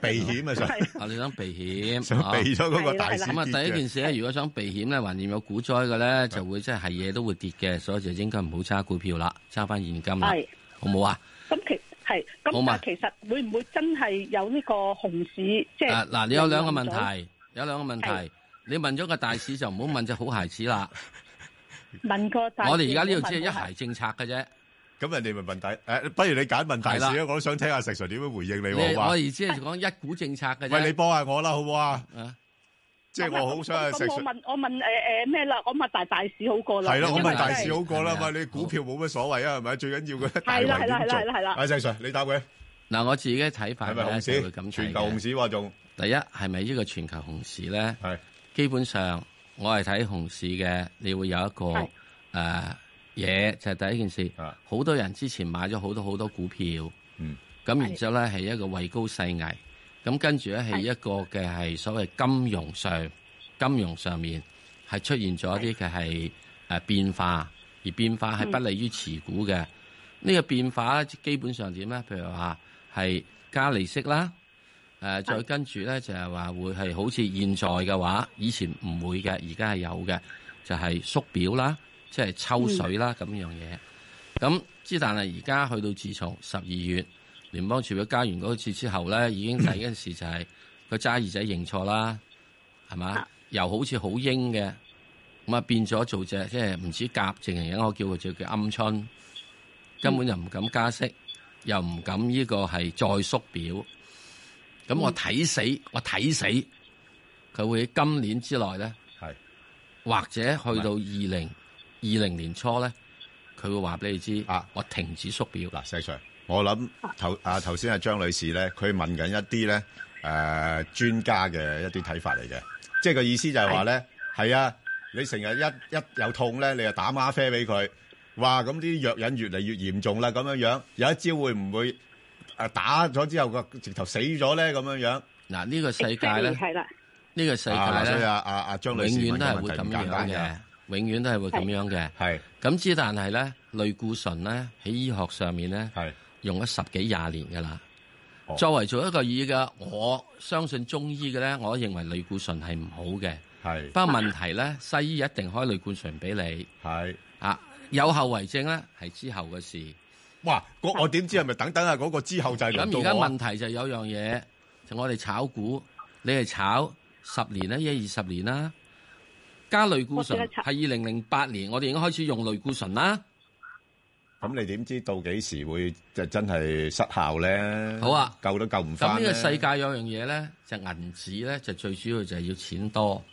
避險啊，想，我哋想避險，想避咗嗰個大。咁啊，第一件事咧，如果想避險咧，還掂有股災嘅咧，就會即係嘢都會跌嘅，所以就應該唔好揸股票啦，揸翻現金啦，好唔好啊？咁其係，咁但其實會唔會真係有呢個熊市？即係嗱，你有兩個問題，有兩個問題，你問咗個大市就唔好問隻好孩子啦。問個大，我哋而家呢度只係一孩政策嘅啫。咁人哋咪問題誒，不如你揀問大市啦。我都想聽石 Sir 點樣回應你。我意思係講一股政策嘅。喂，你幫下我啦，好唔好啊？即係我好想。咁我問我問誒誒咩啦？我問大大市好過啦。係啦，我問大市好過啦嘛？你股票冇咩所謂啊？係咪最緊要嘅？係啦係啦係啦係啦。石 Sir，你答佢。嗱，我自己嘅睇法咧，就咁全球紅市話仲。第一係咪呢個全球熊市咧？係基本上我係睇熊市嘅，你會有一個誒。嘢、yeah, 就係第一件事，好 Yeah. 多人之前買咗好多好多股票，咁、mm. 然之後咧係是一個位高勢危，咁跟住咧係一個嘅係是所謂金融上，金融上面係出現咗一啲嘅係誒變化，是而變化係不利於持股嘅。呢、mm. 個變化咧基本上點咧？譬如話係加利息啦、呃，再跟住咧就係、是、話會係好似現在嘅話，以前唔會嘅，而家係有嘅，就係、是、縮表啦。即係抽水啦咁樣嘢，咁之、嗯、但係而家去到自從十二月聯邦儲備加完嗰次之後咧，已經第一陣時就係佢揸二仔認錯啦，係嘛？啊、又好似好英嘅，咁啊變咗做隻即隻即係唔似夾型型，我叫佢做叫鵪鶉，根本就唔敢加息，嗯、又唔敢呢個係再縮表，咁我睇死我睇死，佢、嗯、會喺今年之內咧，是或者去到二零。二零年初咧，佢會話俾你知啊！我停止縮表嗱，石 Sir，我諗頭啊，頭先阿、啊、張女士咧，佢問緊一啲咧誒專家嘅一啲睇法嚟嘅，即係個意思就係話咧，係、哎、啊，你成日一一有痛咧，你就打嗎啡俾佢，哇！咁啲藥引越嚟越嚴重啦，咁樣樣有一朝會唔會誒打咗之後個直頭死咗咧？咁樣樣嗱，呢、啊這個世界咧，呢個世界咧，啊啊啊張女士永遠都係會咁簡單嘅。永遠都係會咁樣嘅，係咁之。是但係咧，類固醇咧喺醫學上面咧，係是用咗十幾廿年噶啦。哦、作為做一個耳嘅，我相信中醫嘅咧，我認為類固醇係唔好嘅，係是。不過問題咧， *laughs* 西醫一定開類固醇俾你，係是啊，有後遺症咧，係之後嘅事。哇！我點知係咪等等啊？嗰個之後就係咁，而家問題就係有樣嘢， *laughs* 就我哋炒股，你係炒十年啦，一二十年啦。加類固醇係二零零八年，我哋已經開始用類固醇啦。咁你點知到幾時會就真係失效咧？好啊，救都救唔翻咧。咁呢個世界有樣嘢咧，就銀紙咧，就最主要就係要錢多，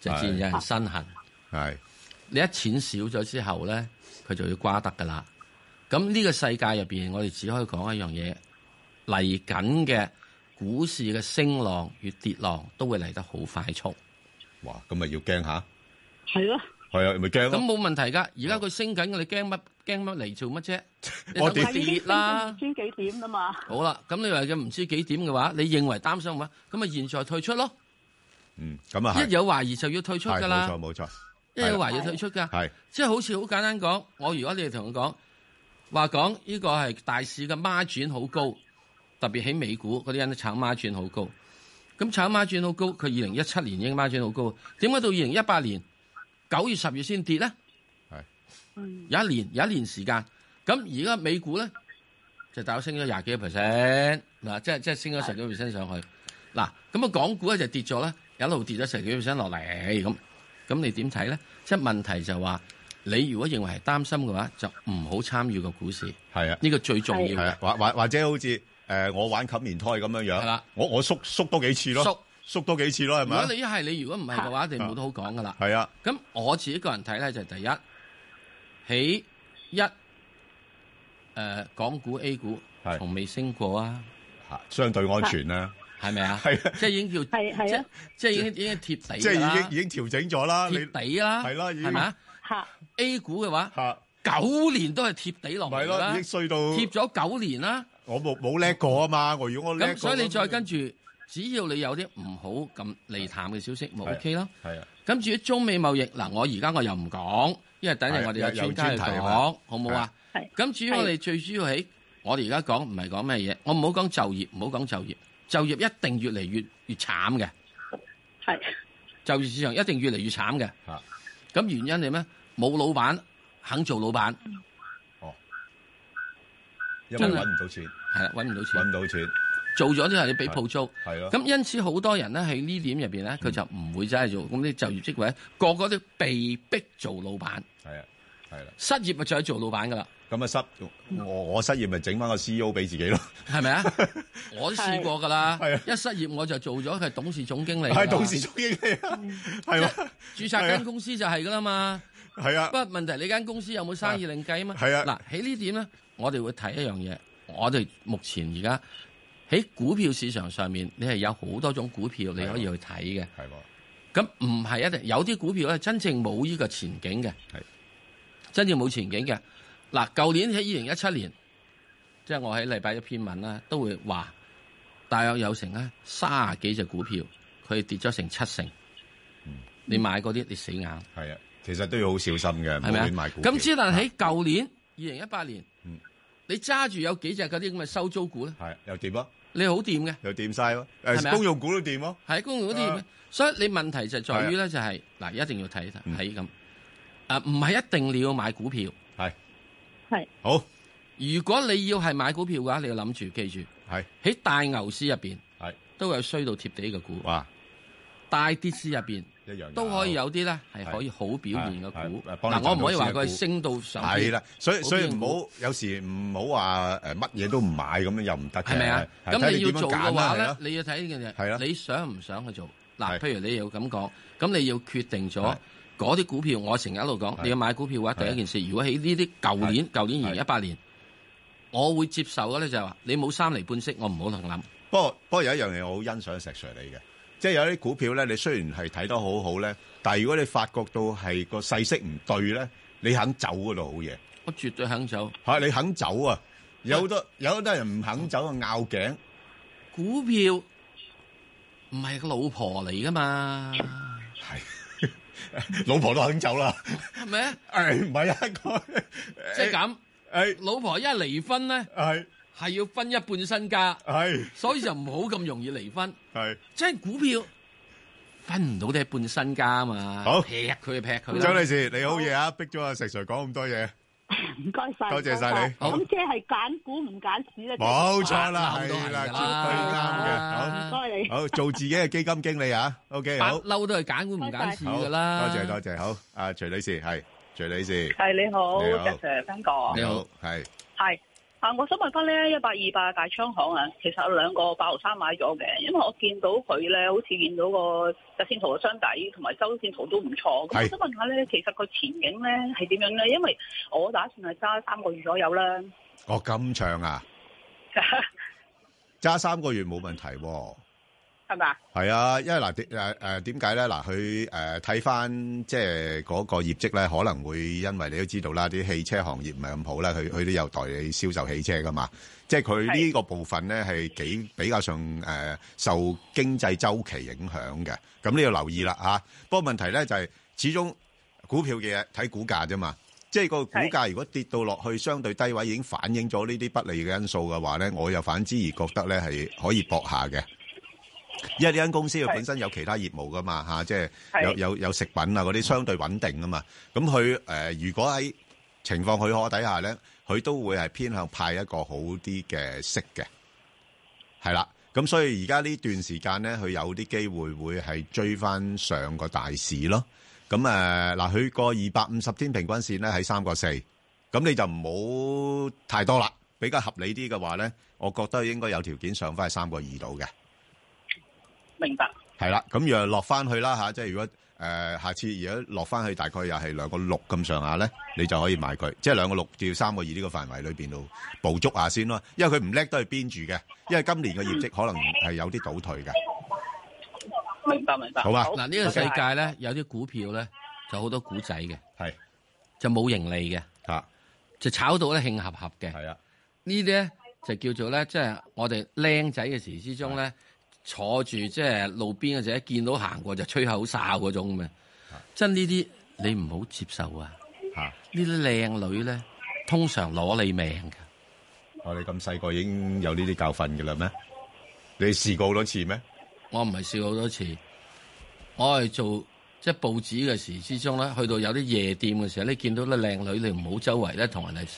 就自然有人身痕。係是你一錢少咗之後咧，佢就要瓜得噶啦。咁呢個世界入邊，我哋只可以講一樣嘢，嚟緊嘅股市嘅升浪與跌浪都會嚟得好快速。哇！咁咪要驚吓？係咯，係啊，咪驚咁冇問題噶。而家佢升緊嘅，你驚乜驚乜嚟做乜啫？我跌啦，先 *laughs* 幾點啊嘛？好啦，咁你話嘅唔知幾點嘅話，你認為擔心咩咁咪現在退出咯。嗯，咁啊一有懷疑就要退出噶啦，冇錯冇錯。錯錯錯一有懷疑退出噶，係即係好似好簡單講，我如果你哋同佢講話講呢個係大市嘅孖轉好高，特別喺美股嗰啲人都炒孖轉好高，咁炒孖轉好高，佢二零一七年已經孖轉好高，點解到二零一八年？九月、十月先跌咧，係是，有一年有一年時間，咁而家美股咧就大約升咗廿幾個 percent，嗱，即係即係升咗十幾 percent 上去，嗱是，咁啊港股咧就跌咗咧，一路跌咗十幾 percent 落嚟，咁，咁你點睇咧？即係問題就話、是，你如果認為係擔心嘅話，就唔好參與個股市，係啊，呢個最重要啊，啊，或或或者好似誒、呃、我玩冚棉胎咁樣樣，啊、我我縮縮多幾次咯。縮多幾次咯，係咪啊？如果你一係你如果唔係嘅話，你冇得好講噶啦。係啊。咁我自己個人睇咧，就係第一起一誒，港股 A 股係從未升過啊，相對安全啦，係咪啊？係，即係已經叫，即係即係已經已經貼底啦。即係已經已經調整咗啦，貼底啦，係啦，係嘛？吓 A 股嘅話，吓九年都係貼底落嚟啦，已經衰到貼咗九年啦。我冇冇叻過啊嘛？我如果我叻，咁所以你再跟住。只要你有啲唔好咁離譜嘅消息，冇 OK 咯。係啊。咁至於中美貿易，嗱，我而家我又唔講，因為等陣我哋有專家去講，係。好冇啊？係。咁至於我哋最主要喺，係。我哋而家講唔係講咩嘢，我唔好講就業，唔好講就業，就業一定越嚟越越慘嘅。就業市場一定越嚟越慘嘅。嚇。咁原因係咩？冇老闆肯做老闆。哦。因為揾唔到錢。係啦，揾唔到錢。揾到錢。做咗之後要俾鋪租，咁因此好多人咧，喺呢點入邊咧，佢就唔會真係做。咁啲就業職位個個都被逼做老闆。係啊，係啦。失業咪就係做老闆噶啦。咁啊失，我我失業咪整翻個 CEO 俾自己咯。係咪啊？我都試過噶啦。係啊。一失業我就做咗佢董事總經理。係董事總經理啊，係啊。註冊間公司就係噶啦嘛。係啊。不過問題你間公司有冇生意另計啊嘛。係啊。嗱，喺呢點咧，我哋會睇一樣嘢。我哋目前而家。喺股票市場上面，你係有好多種股票你可以去睇嘅。係咁唔係一定有啲股票咧，真正冇呢個前景嘅。係、啊、真正冇前景嘅。嗱，舊年喺二零一七年，即係我喺禮拜一篇文啦，都會話大約有成咧，卅幾隻股票佢跌咗成七成。嗯，你買嗰啲跌死眼。係啊，其實都要好小心嘅，係咪啊？唔好亂買股票咁，之但喺舊年二零一八年。你揸住有幾隻嗰啲咁嘅收租股咧？係又掂囉？你好掂嘅，又掂晒咯，誒公用股都掂咯，係公用股掂，所以你問題就在於咧就係嗱一定要睇睇咁，誒唔係一定你要買股票，係係好，如果你要係買股票嘅話，你要諗住記住，係喺大牛市入邊係都有衰到貼地嘅股，哇，大跌市入邊。一樣都可以有啲咧，係可以好表現嘅股。嗱，我唔可以話佢升到上邊。係啦，所以所以唔好有時唔好話誒乜嘢都唔買咁樣又唔得嘅。係咪啊？咁你要做嘅話咧，你要睇呢件嘢。係啦，你想唔想去做？嗱，譬如你又咁講，咁你要決定咗嗰啲股票。我成日一路講，你要買股票嘅話，第一件事，如果喺呢啲舊年、舊年二零一八年，我會接受嘅咧就係話，你冇三釐半息，我唔好去諗。不過不過有一樣嘢我好欣賞石 Sir 你嘅。即係有啲股票咧，你雖然係睇得好好咧，但係如果你發覺到係個勢色唔對咧，你肯走嗰度好嘢。我絕對肯走。嚇，你肯走啊？有好多有好多人唔肯走啊，拗頸。股票唔係個老婆嚟㗎嘛？係老婆都肯走啦？係咪啊？誒唔係啊，即係咁誒老婆一係離婚咧係。係要分一半身家，係所以就唔好咁容易離婚。係即係股票分唔到呢一半身家啊嘛。好，劈佢，劈佢。張女士你好嘢啊，逼咗阿石 Sir 講咁多嘢。唔該晒，多謝晒你。咁即係揀股唔揀市咧，冇錯啦。係啦，絕對啱嘅。好唔該你。好，做自己嘅基金經理啊。OK 好，嬲都係揀股唔揀市噶啦。多謝多謝。好，阿徐女士係徐女士。係，你好，Charles 張哥。你好，係係。啊！我想問翻咧，一八二八大昌行啊，其實有兩個八毫三買咗嘅，因為我見到佢咧，好似見到個日線圖嘅箱底，同埋周線圖都唔錯。咁我想問下咧，其實個前景咧係點樣咧？因為我打算係揸三個月左右啦。哦，咁長啊！揸三個月冇問題喎。係咪？係啊，因為嗱，誒、呃、誒，點解咧？嗱，佢誒睇翻即係嗰、那個業績咧，可能會因為你都知道啦，啲汽車行業唔係咁好啦，佢佢都有代理銷售汽車噶嘛，即係佢呢個部分咧係幾比較上誒、呃、受經濟周期影響嘅，咁你要留意啦吓、啊。不過問題咧就係、是、始終股票嘅睇股價啫嘛，即係個股價如果跌到落去的相對低位，已經反映咗呢啲不利嘅因素嘅話咧，我又反之而覺得咧係可以搏下嘅。因為呢間公司佢本身有其他業務噶嘛，吓是、啊，即係有是有有食品啊嗰啲相對穩定㗎嘛。咁佢誒，如果喺情況許可底下咧，佢都會係偏向派一個好啲嘅息嘅。係啦，咁所以而家呢段時間咧，佢有啲機會會係追翻上個大市咯。咁誒，嗱、呃，佢個二百五十天平均線咧喺三個四，咁你就唔好太多啦，比較合理啲嘅話咧，我覺得應該有條件上翻三個二度嘅。明白。係啦，咁若落翻去啦嚇，即係如果誒下，下次如果落翻去，大概又係兩個六咁上下咧，你就可以買佢，即係兩個六至三個二呢個範圍裏邊度捕捉下先咯。因為佢唔叻都係邊住嘅，因為今年嘅業績可能係有啲倒退嘅。明白明白。好嘛吧，嗱呢好個世界咧 okay, 有啲股票咧就好多股仔嘅，係的就冇盈利嘅的就炒到咧興合合嘅。係啊的，呢啲咧就叫做咧，即、就、係、是、我哋靚仔嘅時之中咧。坐住即係路邊嘅時候，一見到行過就吹口哨嗰種嘅，啊、真呢啲你唔好接受啊！啊這些呢啲靚女咧，通常攞你命㗎。我哋咁細個已經有呢啲教訓㗎啦咩？你試過好多次咩？我唔係試過好多次，我係做即係、就是、報紙嘅時之中咧，去到有啲夜店嘅時候，你見到啲靚女，你唔好周圍咧，同人哋。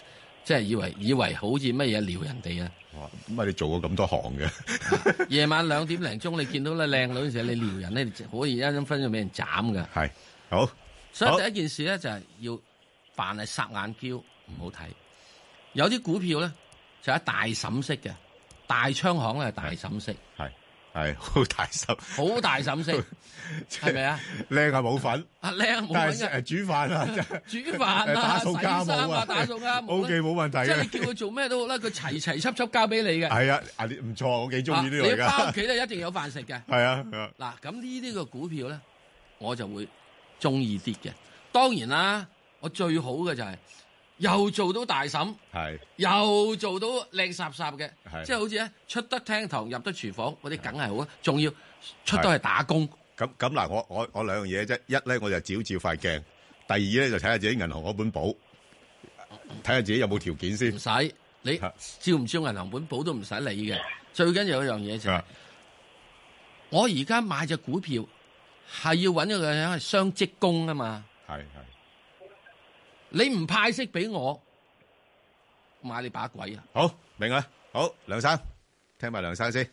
即係以為以為好似乜嘢撩人哋啊！哇！咁咪你做過咁多行嘅。夜 *laughs* 晚兩點零鐘，你見到咧靚女嘅時候，你撩人咧，可以一分鐘俾人斬㗎。係好。好，所以第一件事咧，就係要扮係霎眼嬌唔好睇。有啲股票咧就係、是、大審式嘅，大昌行咧係大審式係。係好大嬸，好大嬸色，係咪啊？靚啊，冇份啊，靚冇份，煮飯啦，煮飯啦，打掃家務啊，打掃家務啊，O K，冇問題。即係你叫佢做咩都好啦，佢齊齊輯輯交俾你嘅。係啊，啊唔錯，我幾中意呢個。你翻屋企咧，一定有飯食嘅。係啊，嗱，咁呢啲嘅股票咧，我就會中意啲嘅。當然啦，我最好嘅就係。又做到大嬸，係是又做到靚霎霎嘅，是即係好似咧出得廳堂入得廚房嗰啲，梗係好啦。仲是要出到去打工。咁咁嗱，我我我兩樣嘢啫。一咧我就照照塊鏡，第二咧就睇下自己銀行嗰本簿，睇下自己有冇條件先。唔使你照唔照銀行本簿都唔使理嘅。是最緊要有一樣嘢就係、的我而家買隻股票係要揾一個樣係雙職工啊嘛。係係。你唔派息俾我，買你把鬼啊！好明啊！好，梁生，聽埋梁生先。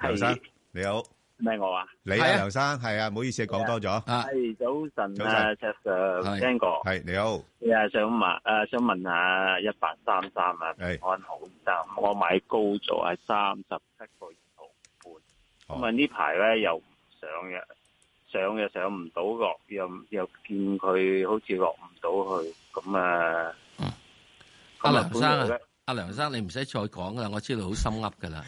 梁生你好，咩我啊？你啊，梁生係啊，唔好意思講多咗。係早晨啊，石 Sir，鄺哥係你好。你啊想問啊？想問下一百三三啊，安好唔得？我買高咗係三十七個二毫半，咁啊呢排咧又唔上嘅。上又上唔到，落又又見佢好似落唔到去，咁啊。嗯。阿梁生咧，阿梁生你唔使再講啦，我知道你好心噏噶啦。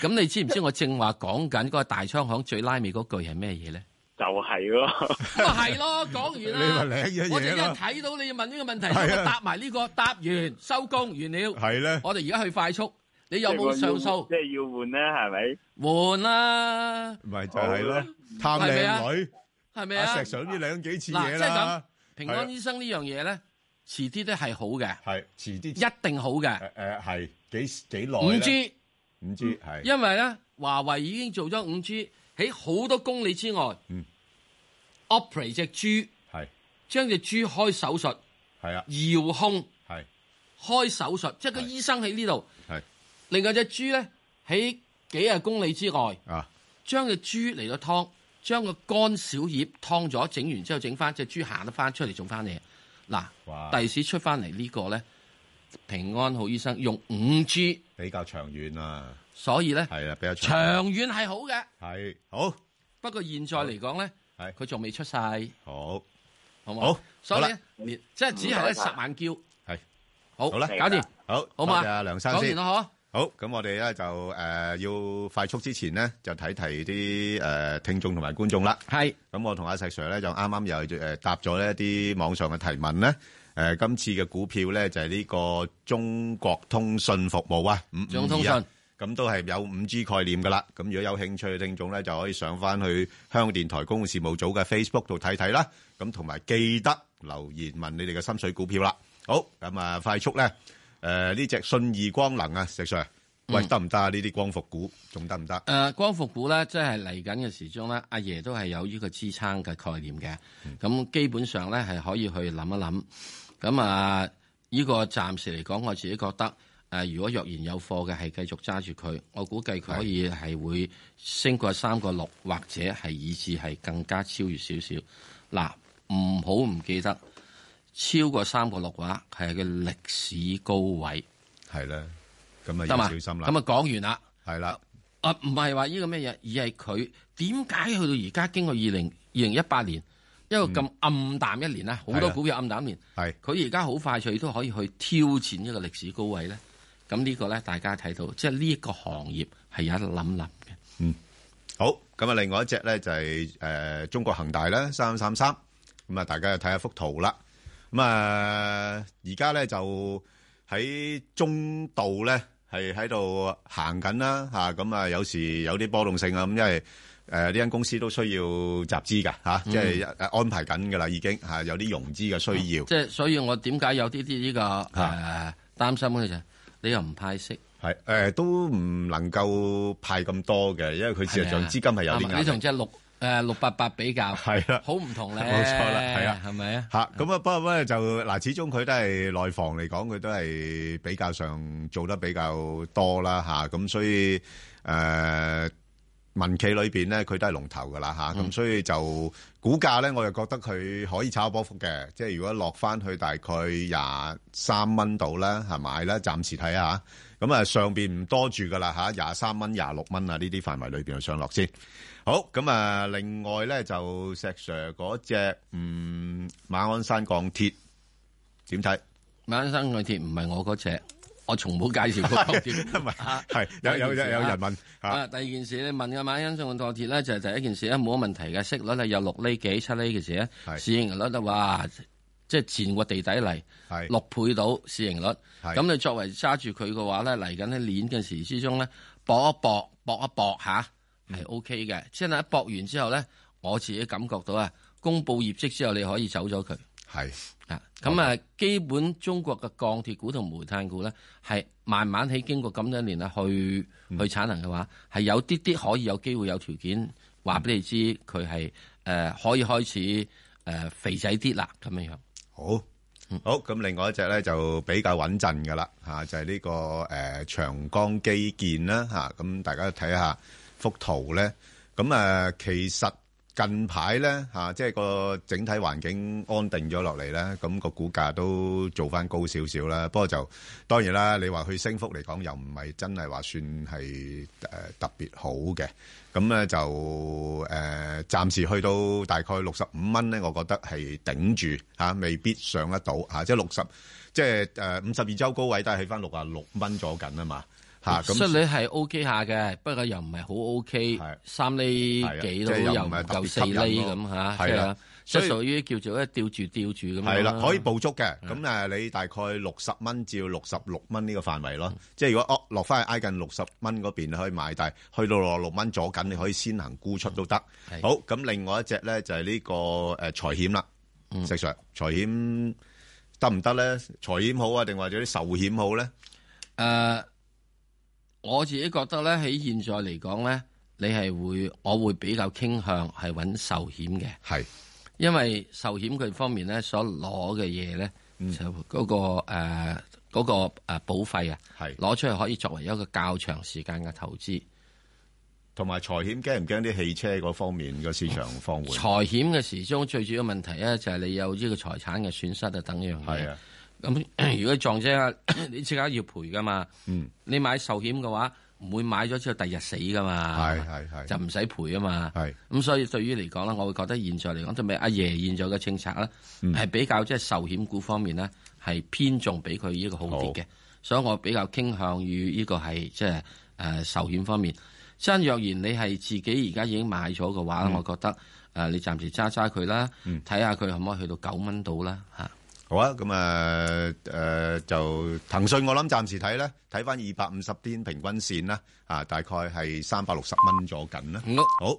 咁你知唔知我正話講緊嗰個大昌行最拉尾嗰句係咩嘢咧？就係咯，咁啊係咯，講完啦。你咪領嘢啦。我即係睇到你要問呢個問題，我答埋呢個，答完收工完了。係咧。我哋而家去快速。你有冇上訴？即係要換啦，係咪？換啦！咪就係咯，探靚女係咪啊？阿石上呢兩幾次嘢啦。即係平安醫生呢樣嘢咧，遲啲都係好嘅。係遲啲，一定好嘅。誒誒，係幾幾耐？五 G，五 G 係。因為咧，華為已經做咗五 G，喺好多公里之外。嗯。operate 隻豬係，將隻豬開手術係啊，遙控係開手術，即係個醫生喺呢度。另外隻豬咧喺幾十公里之外，將隻豬嚟到湯，將個肝小葉湯咗，整完之後整翻隻豬行得翻出嚟種翻嘢。嗱，第時出翻嚟呢個咧，平安好醫生用五 G 比較長遠啊。所以咧，係啊，比較長遠係好嘅，係好。不過現在嚟講咧，係佢仲未出世，好，好唔好？所以咧，即係只係一十萬叫，係好，好啦，搞掂，好好唔好啊？梁生先。講完啦，好？好，咁我哋咧就誒要快速之前咧，就睇睇啲誒聽眾同埋觀眾啦。係，咁我同阿石 Sir 咧就啱啱又誒答咗咧一啲網上嘅提問咧。誒，今次嘅股票咧就係呢個中國通信服務啊，五中通信，咁都係有五 G 概念噶啦。咁如果有興趣嘅聽眾咧，就可以上翻去香港電台公共事務組嘅 Facebook 度睇睇啦。咁同埋記得留言問你哋嘅心水股票啦。好，咁啊快速咧。誒，呢隻、呃、信義光能啊，石 Sir，喂，得唔得啊？呢啲光伏股仲得唔得？誒、呃，光伏股咧，即係嚟緊嘅時鐘咧，阿、啊、爺都係有呢個支撐嘅概念嘅。咁、嗯、基本上咧係可以去諗一諗。咁、嗯、啊，呢、這個暫時嚟講，我自己覺得誒、呃，如果若然有貨嘅係繼續揸住佢，我估計佢可以係會升過三個六，或者係以至係更加超越少少。嗱，唔好唔記得。超過三個六話係個歷史高位，係啦的，咁啊要小心啦。咁啊講完啦，係啦，啊唔係話呢個咩嘢，而係佢點解去到而家，經過二零二零一八年一個咁暗淡一年啦，好多股票暗淡一年，係佢而家好快脆都可以去挑戰呢個歷史高位咧。咁呢個咧，大家睇到即係呢一個行業係有得諗諗嘅。嗯，好，咁啊，另外一隻咧就係、是、誒、呃、中國恒大啦，三三三咁啊，大家又睇下幅圖啦。咁、嗯、啊，而家咧就喺中度咧，係喺度行緊啦吓。咁啊，有時有啲波動性啊。咁因為誒呢間公司都需要集資噶吓，即係安排緊嘅啦，已經吓、啊、有啲融資嘅需要。嗯嗯、即係所以我這、這個，我點解有啲啲呢個誒擔心嘅就，是你又唔派息，係誒、呃、都唔能夠派咁多嘅，因為佢事實上資金係有啲你同即係六？誒，六八八比較係啦，好唔同呢？冇錯啦，係啊，係咪啊？咁啊，不過咧就嗱，始終佢都係內房嚟講，佢都係比較上做得比較多啦，咁所以誒，民企裏面咧，佢都係龍頭噶啦，咁所以就股價咧，我又覺得佢可以炒波幅嘅，即係如果落翻去大概廿三蚊度啦係咪？咧，暫時睇下，咁啊上邊唔多住噶啦，吓廿三蚊、廿六蚊啊呢啲範圍裏邊去上落先。好咁啊！另外咧就石 Sir 嗰隻嗯馬鞍山鋼鐵點睇？馬鞍山鋼鐵唔係我嗰隻，我從冇介紹過鋼鐵。係有有有、啊、有人問啊！第二件事你問嘅馬鞍山鋼鐵咧，就係、是、第一件事啊，冇問題嘅息率咧有六厘幾、七厘嘅時。市盈是率就哇，即、就、係、是、前個地底嚟，是六倍到市盈率。咁是你作為揸住佢嘅話咧，嚟緊呢年嘅時之中咧搏一搏，搏一搏吓。鋪係 O K 嘅，即係一博完之後咧，我自己感覺到啊，公布業績之後你可以走咗佢係啊。咁啊是，基本中國嘅鋼鐵股同煤炭股咧，係慢慢喺經過咁多年啦，去、嗯、去產能嘅話，係有啲啲可以有機會有條件話俾你知，佢係誒可以開始誒肥仔啲啦咁樣樣。好，嗯、好咁，咁另外一隻咧就比較穩陣噶啦吓，就係、是、呢個誒長江基建啦吓，咁大家睇下。幅圖咧，咁啊，其實近排咧嚇，即係個整體環境安定咗落嚟咧，咁個股價都做翻高少少啦。不過就當然啦，你話去升幅嚟講，又唔係真係話算係誒特別好嘅。咁咧就誒，暫時去到大概六十五蚊咧，我覺得係頂住嚇，未必上得到嚇。即係六十，即係誒五十二周高位都係喺翻六十六蚊左右啊嘛。咁十厘係 O K 下嘅，不過又唔係好 O K，三厘幾到又唔係夠四厘咁嚇，即係屬於叫做一吊住吊住咁係啦，可以捕捉嘅。咁誒，你大概六十蚊至到六十六蚊呢個範圍咯。即係如果哦落翻去挨近六十蚊嗰邊可以買，但係去到六十六蚊左近你可以先行沽出都得。好，咁，另外一隻咧就係呢個誒財險啦，石 Sir，財險得唔得咧？財險好啊，定或者啲壽險好咧？誒。我自己覺得咧，喺現在嚟講咧，你係會，我會比較傾向係揾壽險嘅，係是，因為壽險佢方面咧所攞嘅嘢咧，嗯、就嗰、嗰個誒嗰、呃嗰個、呃、保費啊，攞是出嚟可以作為一個較長時間嘅投資，同埋財險驚唔驚啲汽車嗰方面個市場放緩？財險嘅時中最主要問題咧就係你有呢個財產嘅損失等等嘅啊等一樣嘢。咁 *coughs* 如果撞車， *coughs* 你即刻要賠噶嘛？嗯，你買壽險嘅話，唔會買咗之後第日死噶嘛？係係係就唔使賠啊嘛。咁是是 所以對於嚟講咧，我會覺得現在嚟講，就咪阿爺現在嘅政策咧，係、嗯、比較即係壽險股方面咧，係偏重俾佢呢個好跌嘅。好 所以我比較傾向於呢個係即係誒壽險方面。真若然你係自己而家已經買咗嘅話，嗯、我覺得、呃、你暫時揸揸佢啦，睇下佢可唔可以去到九蚊度啦嚇。好啊，咁啊，誒、呃，就騰訊，我諗暫時睇咧，睇翻二百五十天平均線啦，啊，大概係三百六十蚊左緊啦。No. 好，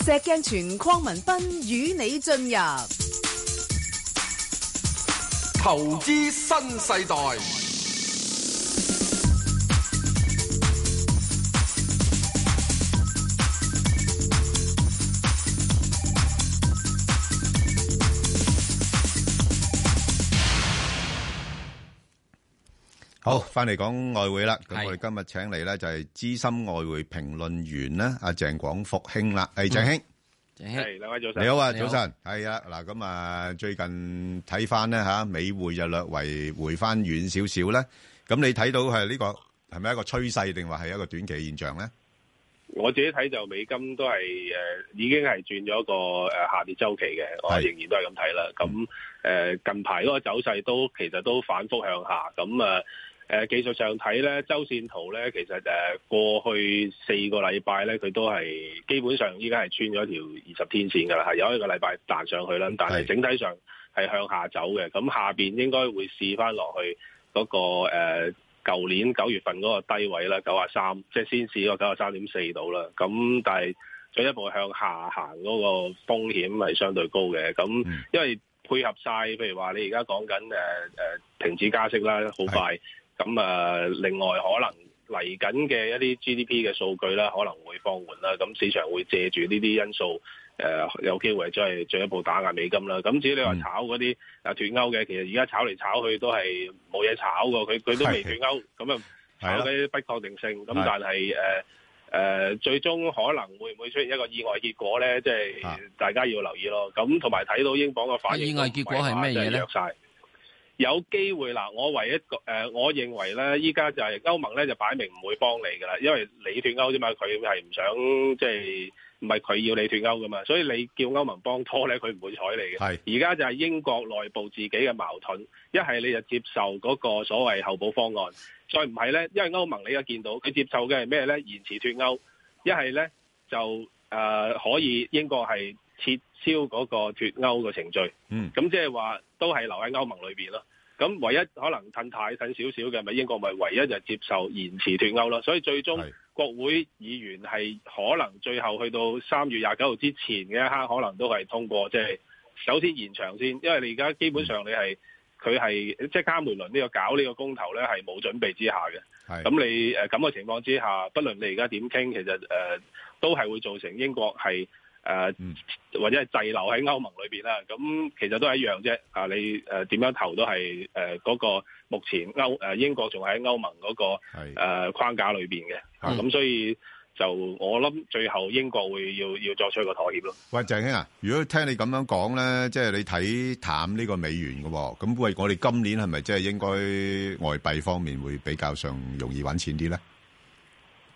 石鏡泉，鄺民彬與你進入投資新世代。好，翻嚟講外匯啦。咁我哋今日請嚟咧就係資深外匯評論員咧，阿鄭廣福兄啦。誒，鄭兄，鄭兄，你好啊，早晨。係啊，嗱，咁啊，最近睇翻咧吓，美匯就略為回翻軟少少咧。咁你睇到係呢個係咪一個趨勢，定話係一個短期現象咧？我自己睇就美金都係誒，已經係轉咗個誒下跌周期嘅。我仍然都係咁睇啦。咁誒，近排嗰個走勢都其實都反復向下。咁啊。誒、呃、技術上睇咧，周線圖咧，其實誒、呃、過去四個禮拜咧，佢都係基本上依家係穿咗條二十天線㗎啦，係有一個禮拜彈上去啦，但係整體上係向下走嘅。咁下面應該會試翻落去嗰、那個誒舊、呃、年九月份嗰個低位啦，九啊三，即係先試嗰九啊三點四度啦。咁但係進一步向下行嗰個風險係相對高嘅。咁因為配合晒，譬如話你而家講緊誒停止加息啦，好快。咁啊，另外可能嚟緊嘅一啲 GDP 嘅數據啦，可能會放緩啦，咁市場會借住呢啲因素，誒有機會再係進一步打壓美金啦。咁至於你話炒嗰啲啊斷鈎嘅，其實而家炒嚟炒去都係冇嘢炒噶，佢佢都未斷鈎，咁啊有啲不確定性。咁但係誒誒最終可能會唔會出現一個意外結果咧？即係大家要留意咯。咁同埋睇到英鎊個反應，咩嘢都弱曬。有機會嗱，我唯一個誒、呃，我認為咧，依家就係歐盟咧，就擺明唔會幫你噶啦，因為你脫歐啫嘛，佢係唔想即係唔係佢要你脫歐噶嘛，所以你叫歐盟幫拖咧，佢唔會睬你嘅。係是，而家就係英國內部自己嘅矛盾，一係你就接受嗰個所謂候補方案，再唔係咧，因為歐盟你又見到佢接受嘅係咩咧？延遲脫歐，一係咧就誒、呃、可以英國係撤，燒嗰個脫歐嘅程序，咁即係話都係留喺歐盟裏邊咯。咁唯一可能吞太吞少少嘅，咪英國咪唯一就接受延遲脫歐咯。所以最終是國會議員係可能最後去到三月廿九號之前嘅一刻，可能都係通過，即係首先延長先。因為你而家基本上你係佢係即係卡梅倫呢個搞呢個公投咧，係冇準備之下嘅。咁是你誒咁嘅情況之下，不論你而家點傾，其實誒都係會造成英國係。誒、嗯、或者係滯留喺歐盟裏邊啦，咁其實都係一樣啫。啊，你誒點樣投都係誒嗰個目前歐誒英國仲喺歐盟嗰個誒框架裏邊嘅。咁係，所以就我諗最後英國會要要作出一個妥協咯。喂，鄭兄啊，如果聽你咁樣講咧，即係你睇淡呢個美元嘅喎，咁喂，我哋今年係咪即係應該外幣方面會比較上容易揾錢啲咧？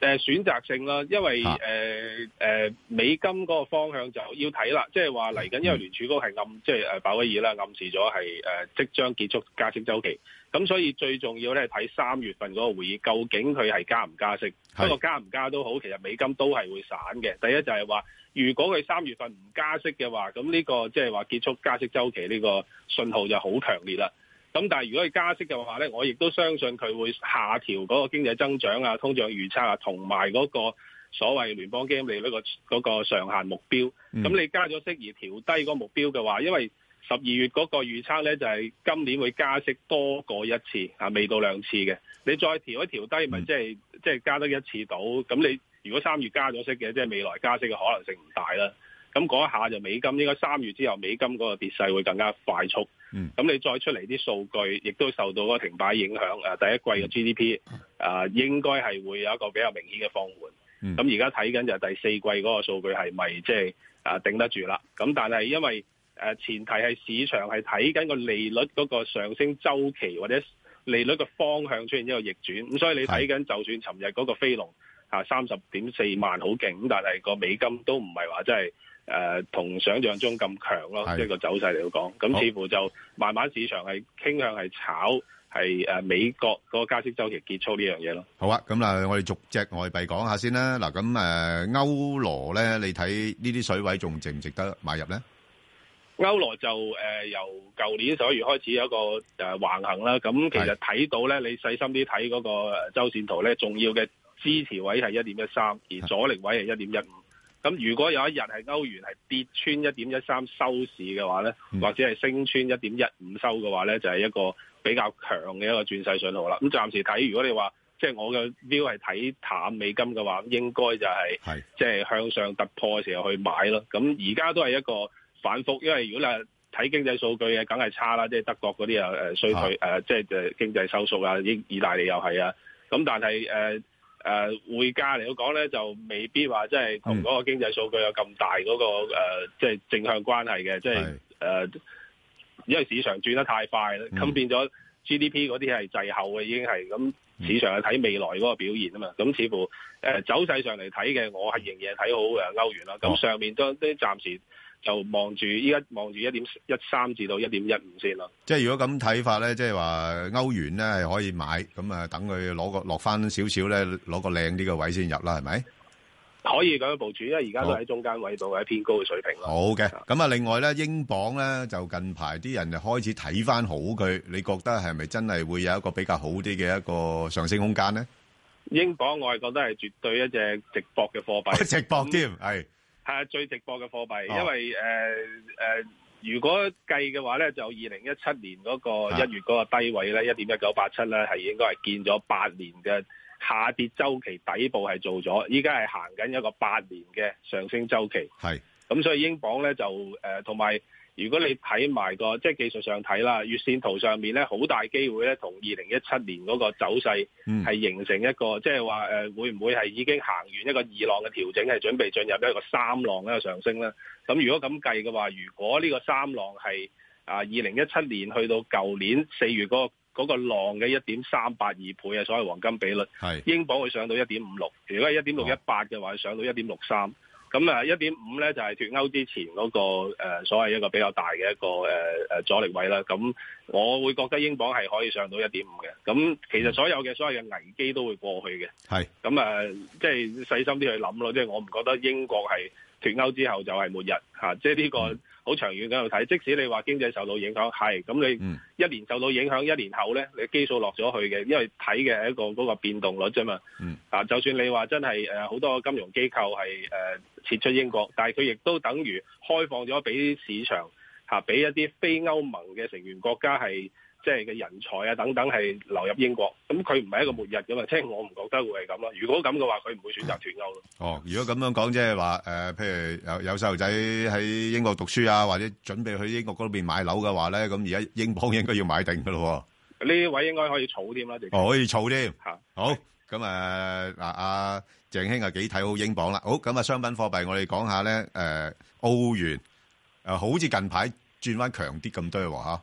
誒選擇性啦，因為誒誒、啊呃呃、美金嗰個方向就要睇啦，即係話嚟緊，因為聯儲局係暗，即係誒鮑威爾啦，暗示咗係、呃、即將結束加息週期。咁所以最重要咧，睇三月份嗰個會議，究竟佢係加唔加息？是加不過加唔加都好，其實美金都係會散嘅。第一就係話，如果佢三月份唔加息嘅話，咁呢個即係話結束加息週期呢個信號就好強烈啦。咁但係如果係加息嘅話咧，我亦都相信佢會下調嗰個經濟增長啊、通脹預測啊，同埋嗰個所謂聯邦基金利率個嗰個上限目標。咁你加咗息而調低嗰個目標嘅話，因為十二月嗰個預測咧就係今年會加息多過一次啊，未到兩次嘅。你再調一調低，咪即係即係加得一次到。咁你如果三月加咗息嘅，即係未來加息嘅可能性唔大啦。咁嗰一下就美金，應該三月之後美金嗰個跌勢會更加快速。咁、嗯、你再出嚟啲數據亦都受到嗰停擺影響誒，第一季嘅 GDP、嗯啊、應該係會有一個比較明顯嘅放緩，咁而家睇緊就係第四季嗰個數據係咪即係誒頂得住啦？咁但係因為、啊、前提係市場係睇緊個利率嗰個上升周期，或者利率嘅方向出現一個逆轉，咁所以你睇緊，就算尋日嗰個飛龍啊三十點四萬好勁，但係個美金都唔係話真係。誒同想象中咁強咯，即係個走勢嚟講，咁似乎就慢慢市場係傾向係炒係誒美國個加息週期結束呢樣嘢咯。好啊，咁嗱，我哋逐隻外幣講下先啦。嗱，咁誒歐羅咧，你睇呢啲水位仲值唔值得買入咧？歐羅就誒由舊年十一月開始有一個誒橫行啦。咁其實睇到咧，你細心啲睇嗰個週線圖咧，重要嘅支持位係一點一三，而阻力位係一點一五。咁如果有一日係歐元係跌穿一點一三收市嘅話咧，或者係升穿一點一五收嘅話咧，就係、是、一個比較強嘅一個轉勢信號啦。咁暫時睇，如果你話即係我嘅 view 係睇淡美金嘅話，應該就係即係向上突破嘅時候去買咯。咁而家都係一個反覆，因為如果你係睇經濟數據嘅，梗係差啦，即、就、係、是、德國嗰啲又誒衰退即係是、呃就是、經濟收縮啊，意意大利又係啊，咁但係誒。呃誒、呃、匯價嚟講呢，就未必話即係同嗰個經濟數據有咁大嗰、那個誒，即係、嗯呃就是、正向關係嘅，即係誒，因為市場轉得太快，咁、嗯、變咗 GDP 嗰啲係滯後嘅已經係，咁市場係睇未來嗰個表現啊嘛，咁似乎誒、呃、走勢上嚟睇嘅，我係仍然係睇好誒歐元啦。咁上面都都暫時。就望住依家望住一點一三至到一點一五先啦。即係如果咁睇法咧，即係話歐元咧係可以買，咁啊等佢攞個落翻少少咧，攞個靚啲嘅位先入啦，係咪？可以咁樣部署，因為而家都喺中間位度，喺好偏高嘅水平好嘅的，咁啊是，另外咧，英鎊咧就近排啲人就開始睇翻好佢，你覺得係咪真係會有一個比較好啲嘅一個上升空間咧？英鎊我係覺得係絕對一隻值搏嘅貨幣，值搏添係。嗯係最直播嘅貨幣，因為誒誒、啊呃呃，如果計嘅話咧，就二零一七年嗰個一月嗰個低位咧，一點一九八七咧，係應該係見咗八年嘅下跌周期底部係做咗，依家係行緊一個八年嘅上升周期，係咁是所以英鎊咧就誒同埋。呃如果你睇埋個即係技術上睇啦，月線圖上面咧，好大機會咧，同二零一七年嗰個走勢係形成一個，即係話誒會唔會係已經行完一個二浪嘅調整，係準備進入一個三浪一個上升咧？咁如果咁計嘅話，如果呢個三浪係啊二零一七年去到舊年四月嗰個嗰個浪嘅一點三八二倍嘅所謂黃金比率，係英鎊會上到一點五六，如果係一點六一八嘅話，啊、上到一點六三。咁啊，一點五咧就係、是、脱歐之前嗰、那個、呃、所謂一個比較大嘅一個誒誒、呃、阻力位啦。咁我會覺得英鎊係可以上到一點五嘅。咁其實所有嘅所謂嘅危機都會過去嘅。係是。咁啊，即、呃、係、就是、細心啲去諗咯。即、就、係、是、我唔覺得英國係脱歐之後就係末日嚇。即係呢個好長遠咁去睇。即使你話經濟受到影響係，咁你一年受到影響一年後咧，你基數落咗去嘅，因為睇嘅係一個嗰、那個變動率啫嘛。嗯。啊，就算你話真係誒好多金融機構係誒。呃撤出英國，但係佢亦都等於開放咗俾市場嚇，俾一啲非歐盟嘅成員國家係即係嘅人才啊等等係流入英國。咁佢唔係一個末日噶嘛？即係我唔覺得會係咁咯。如果咁嘅話，佢唔會選擇脱歐咯。哦，如果咁樣講，即係話誒，譬如有有細路仔喺英國讀書啊，或者準備去英國嗰邊買樓嘅話咧，咁而家英鎊應該要買定㗎咯。呢位應該可以儲添啦，哦，可以儲添嚇。好，咁誒嗱啊。鄭興又幾睇好英鎊啦，好咁啊，咁商品貨幣我哋講下咧，誒澳元好似近排轉翻強啲咁多喎嚇。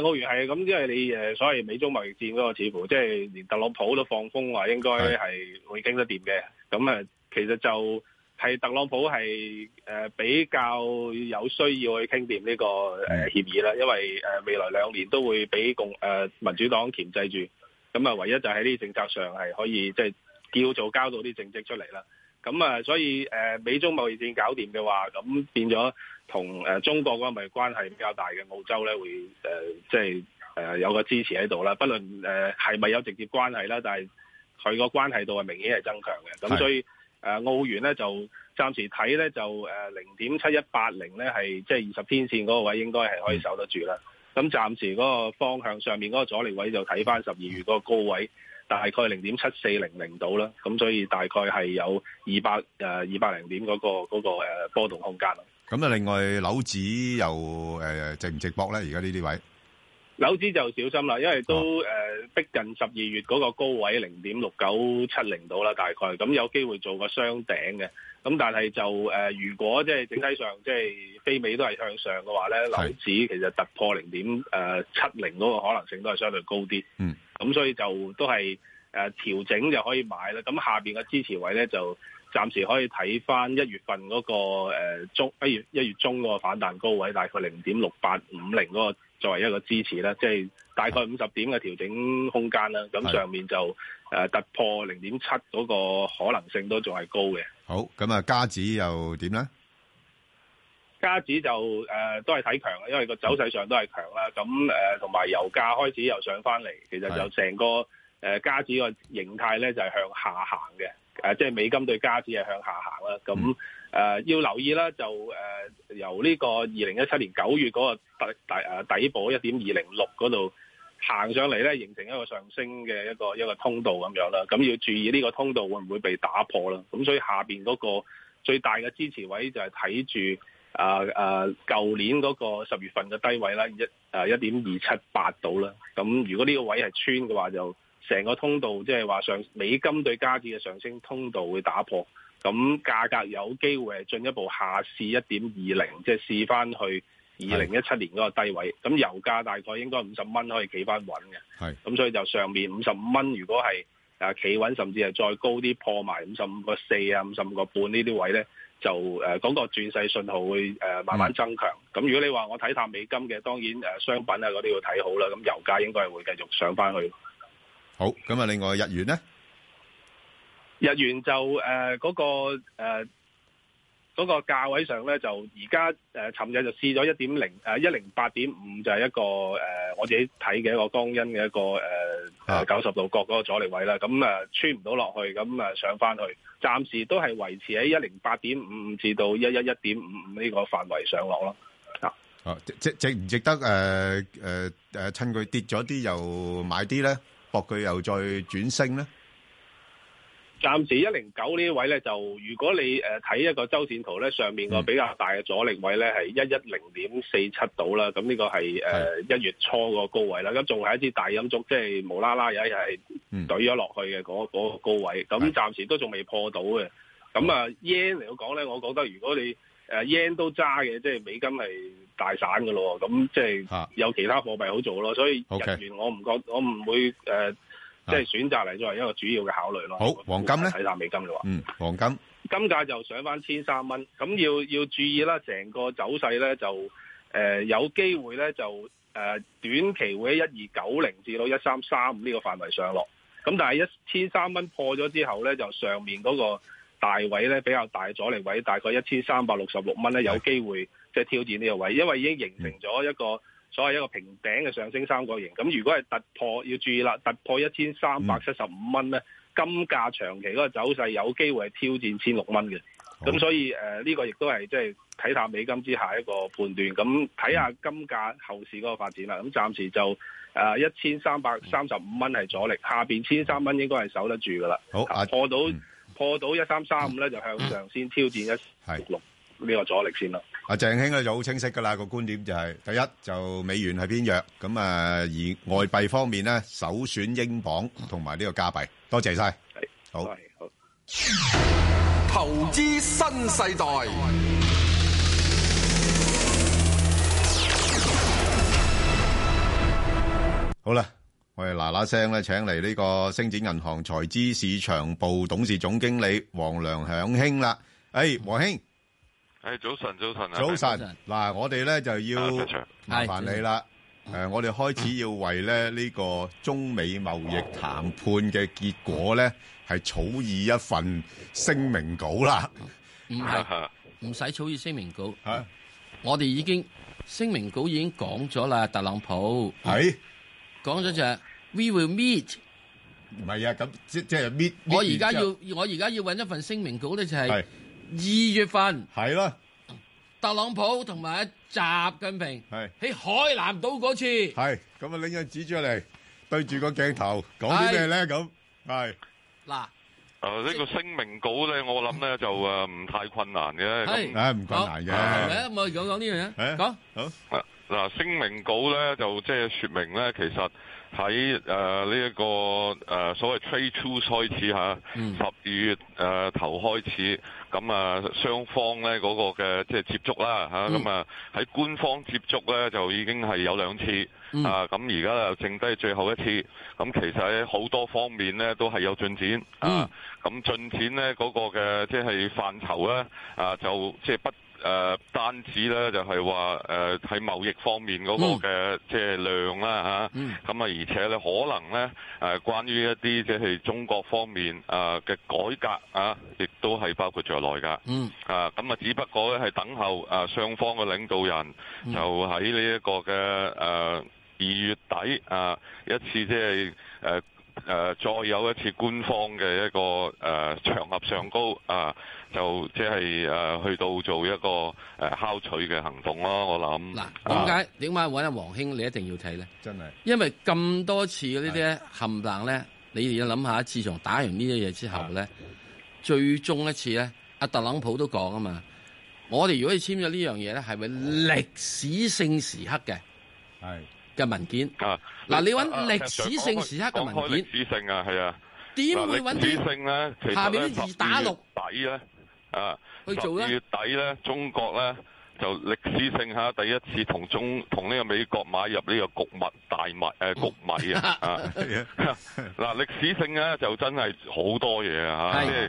澳元係咁因為你誒所謂美中貿易戰嗰個，似乎即係、就是、連特朗普都放風話應該係會傾得掂嘅。咁啊是，其實就係特朗普係誒比較有需要去傾掂呢個誒協議啦，嗯、因為未來兩年都會俾共誒、呃、民主黨鉗制住，咁啊唯一就喺呢啲政策上係可以即係、就是叫做交到啲政績出嚟啦，咁啊，所以誒、呃、美中貿易戰搞掂嘅話，咁變咗同誒中國嗰個咪關係比較大嘅澳洲咧會誒、呃、即係誒、呃呃、有個支持喺度啦，不論誒係咪有直接關係啦，但係佢個關係度係明顯係增強嘅，咁所以誒、呃、澳元咧就暫時睇咧就誒零點七一八零咧係即係二十天線嗰個位應該係可以守得住啦，咁暫時嗰個方向上面嗰個阻力位就睇翻十二月嗰個高位。大概零點七四零零度啦，咁所以大概係有二百誒二百零點嗰個嗰個誒波動空間啊。咁啊，另外樓指又誒值唔值博咧？而家呢啲位。樓子就小心啦，因為都誒逼、哦呃、近十二月嗰個高位零點六九七零到啦，大概咁有機會做個雙頂嘅。咁但係就誒、呃，如果即係整體上即係非美都係向上嘅話咧，樓子其實突破零點誒七零嗰個可能性都係相對高啲。嗯，咁、嗯、所以就都係誒、呃、調整就可以買啦。咁下邊嘅支持位咧就暫時可以睇翻一月份嗰、嗰個、呃、中一月一月中嗰個反彈高位，大概零點六八五零嗰個。作為一個支持啦，即、就、係、是、大概五十點嘅調整空間啦。咁上面就誒突破零點七嗰個可能性都仲係高嘅。好，咁啊，加指又點咧？加指就誒、呃、都係睇強嘅，因為個走勢上都係強啦。咁誒同埋油價開始又上翻嚟，其實就成個誒的、呃、加指個形態咧就係、是、向下行嘅。誒即係美金對加指係向下行啦。咁。嗯誒、呃、要留意啦，就誒、呃、由呢個二零一七年九月嗰個底底誒底部一點二零六嗰度行上嚟咧，形成一個上升嘅一個一個通道咁樣啦。咁要注意呢個通道會唔會被打破啦？咁所以下邊嗰個最大嘅支持位就係睇住啊啊舊年嗰個十月份嘅低位啦，一誒一點二七八度啦。咁如果呢個位係穿嘅話，就成個通道即係話上美金對加紙嘅上升通道會打破。咁價格有機會係進一步下試一點二零，即係試翻去二零一七年嗰個低位。咁油價大概應該五十蚊可以企翻穩嘅。係。咁所以就上面五十五蚊，如果係啊企穩，甚至係再高啲破埋五十五個四啊，五十五個半呢啲位咧，就誒嗰個轉勢信號會誒慢慢增強。咁如果你話我睇淡美金嘅，當然誒商品啊嗰啲要睇好啦。咁油價應該係會繼續上翻去。好，咁啊，另外日元咧？日元就誒嗰、呃那個誒、呃那個價位上咧，就而家誒尋日就試咗一點零誒一零八點五，就係一個、呃、我自己睇嘅一個江恩嘅一個九十、呃、度角嗰個阻力位啦。咁啊、呃、穿唔到落去，咁啊、呃、上翻去，暫時都係維持喺一零八點五五至到一一一點五五呢個範圍上落咯。呃、啊，值值值唔值得、呃呃、趁佢跌咗啲又買啲咧，博佢又再轉升咧？暫時一零九呢位咧，就如果你誒睇一個周線圖咧，上面個比較大嘅阻力位咧係一一零點四七度啦。咁呢個係誒一月初個高位啦。咁仲係一支大陰燭，即係無啦啦有一日係懟咗落去嘅嗰個高位。咁、嗯、暫時都仲未破到嘅。咁啊 yen 嚟講咧，我覺得如果你誒 yen、呃、都揸嘅，即係美金係大散㗎咯。咁即係有其他貨幣好做咯。所以日元我唔覺我唔會誒。呃即係選擇嚟作為一個主要嘅考慮咯。好，黃金咧睇淡美金嘅話，嗯，黃金金價就上翻千三蚊，咁要要注意啦，成個走勢咧就誒、呃、有機會咧就誒、呃、短期會喺一二九零至到一三三五呢個範圍上落。咁但係一千三蚊破咗之後咧，就上面嗰個大位咧比較大阻力位，大概一千三百六十六蚊咧有機會即係挑戰呢個位，嗯、因為已經形成咗一個。所謂一個平頂嘅上升三角形，咁如果係突破要注意啦，突破一千三百七十五蚊咧，嗯、金價長期嗰個走勢有機會係挑戰千六蚊嘅。咁好所以誒，呢、呃呢個亦都係即係睇下美金之下一個判斷。咁睇下金價後市嗰個發展啦。咁暫時就誒一千三百三十五蚊係阻力，下面千三蚊應該係守得住噶啦。好、啊，破到破到一三三五咧，就向上先挑戰一六六呢個阻力先啦。阿鄭興咧就好清晰噶啦，個觀點就係，第一就美元係偏弱，咁啊而外幣方面咧首選英鎊同埋呢個加幣。多謝晒，好，投資新世代。好啦，我哋嗱嗱聲咧，請嚟呢個星展銀行財資市場部董事總經理黃良享興啦。哎，黃興。誒，早晨，早晨啊！早晨，嗱，我哋咧就要麻煩你啦。誒，我哋開始要為咧呢個中美貿易談判嘅結果咧，係草擬一份聲明稿啦。唔係，唔使草擬聲明稿。吓，我哋已經聲明稿已經講咗啦。特朗普係講咗就係，we will meet。唔係啊，咁即即係 meet。我而家要，我而家要搵一份聲明稿咧，就係。二月份係啦，特朗普同埋阿習近平係喺海南島嗰次係，咁啊拎咗紙出嚟對住個鏡頭講啲咩咧？咁係嗱，誒呢個聲明稿咧，我諗咧就誒唔太困難嘅，係唔困難嘅，好，唔講呢樣嘢，講好嗱聲明稿咧就即係說明咧，其實喺誒呢一個誒所謂 Trade War 開始吓，十二月誒頭開始。咁啊，雙方咧嗰個嘅即係接觸啦嚇，咁啊喺官方接觸咧就已經係有兩次啊，咁而家又剩低最後一次，咁其實喺好多方面咧都係有進展啊，咁進展咧嗰個嘅即係範疇咧啊就即係不誒、呃、單止咧就係話誒喺貿易方面嗰個嘅即係量啦嚇，咁啊、嗯、而且咧可能咧誒、呃、關於一啲即係中國方面啊嘅改革啊，亦都係包括在內噶，嗯、啊咁啊只不過咧係等候啊雙、呃、方嘅領導人就喺呢一個嘅誒二月底啊、呃、一次即係誒。呃誒、呃、再有一次官方嘅一個誒、呃、場合上高啊、呃，就即係誒去到做一個誒、呃、敲取嘅行動咯，我諗。嗱，點解點解揾阿黃兄你一定要睇咧？真係的，因為咁多次的這些是的 呢啲冚棒冚唪唥咧，你哋要諗下，自從打完呢啲嘢之後咧，是的 最終一次咧，阿特朗普都講啊嘛，我哋如果簽咗呢樣嘢咧，係咪歷史性時刻嘅？係。是的 嘅文件啊，嗱你揾歷史性時刻嘅文件，歷史性啊，係啊，點會揾歷史性咧？下面二打六底咧，啊，十月底咧，中國咧就歷史性嚇第一次同中同呢個美國買入呢個穀物大麥誒穀米啊，嗱歷史性咧就真係好多嘢啊，即係。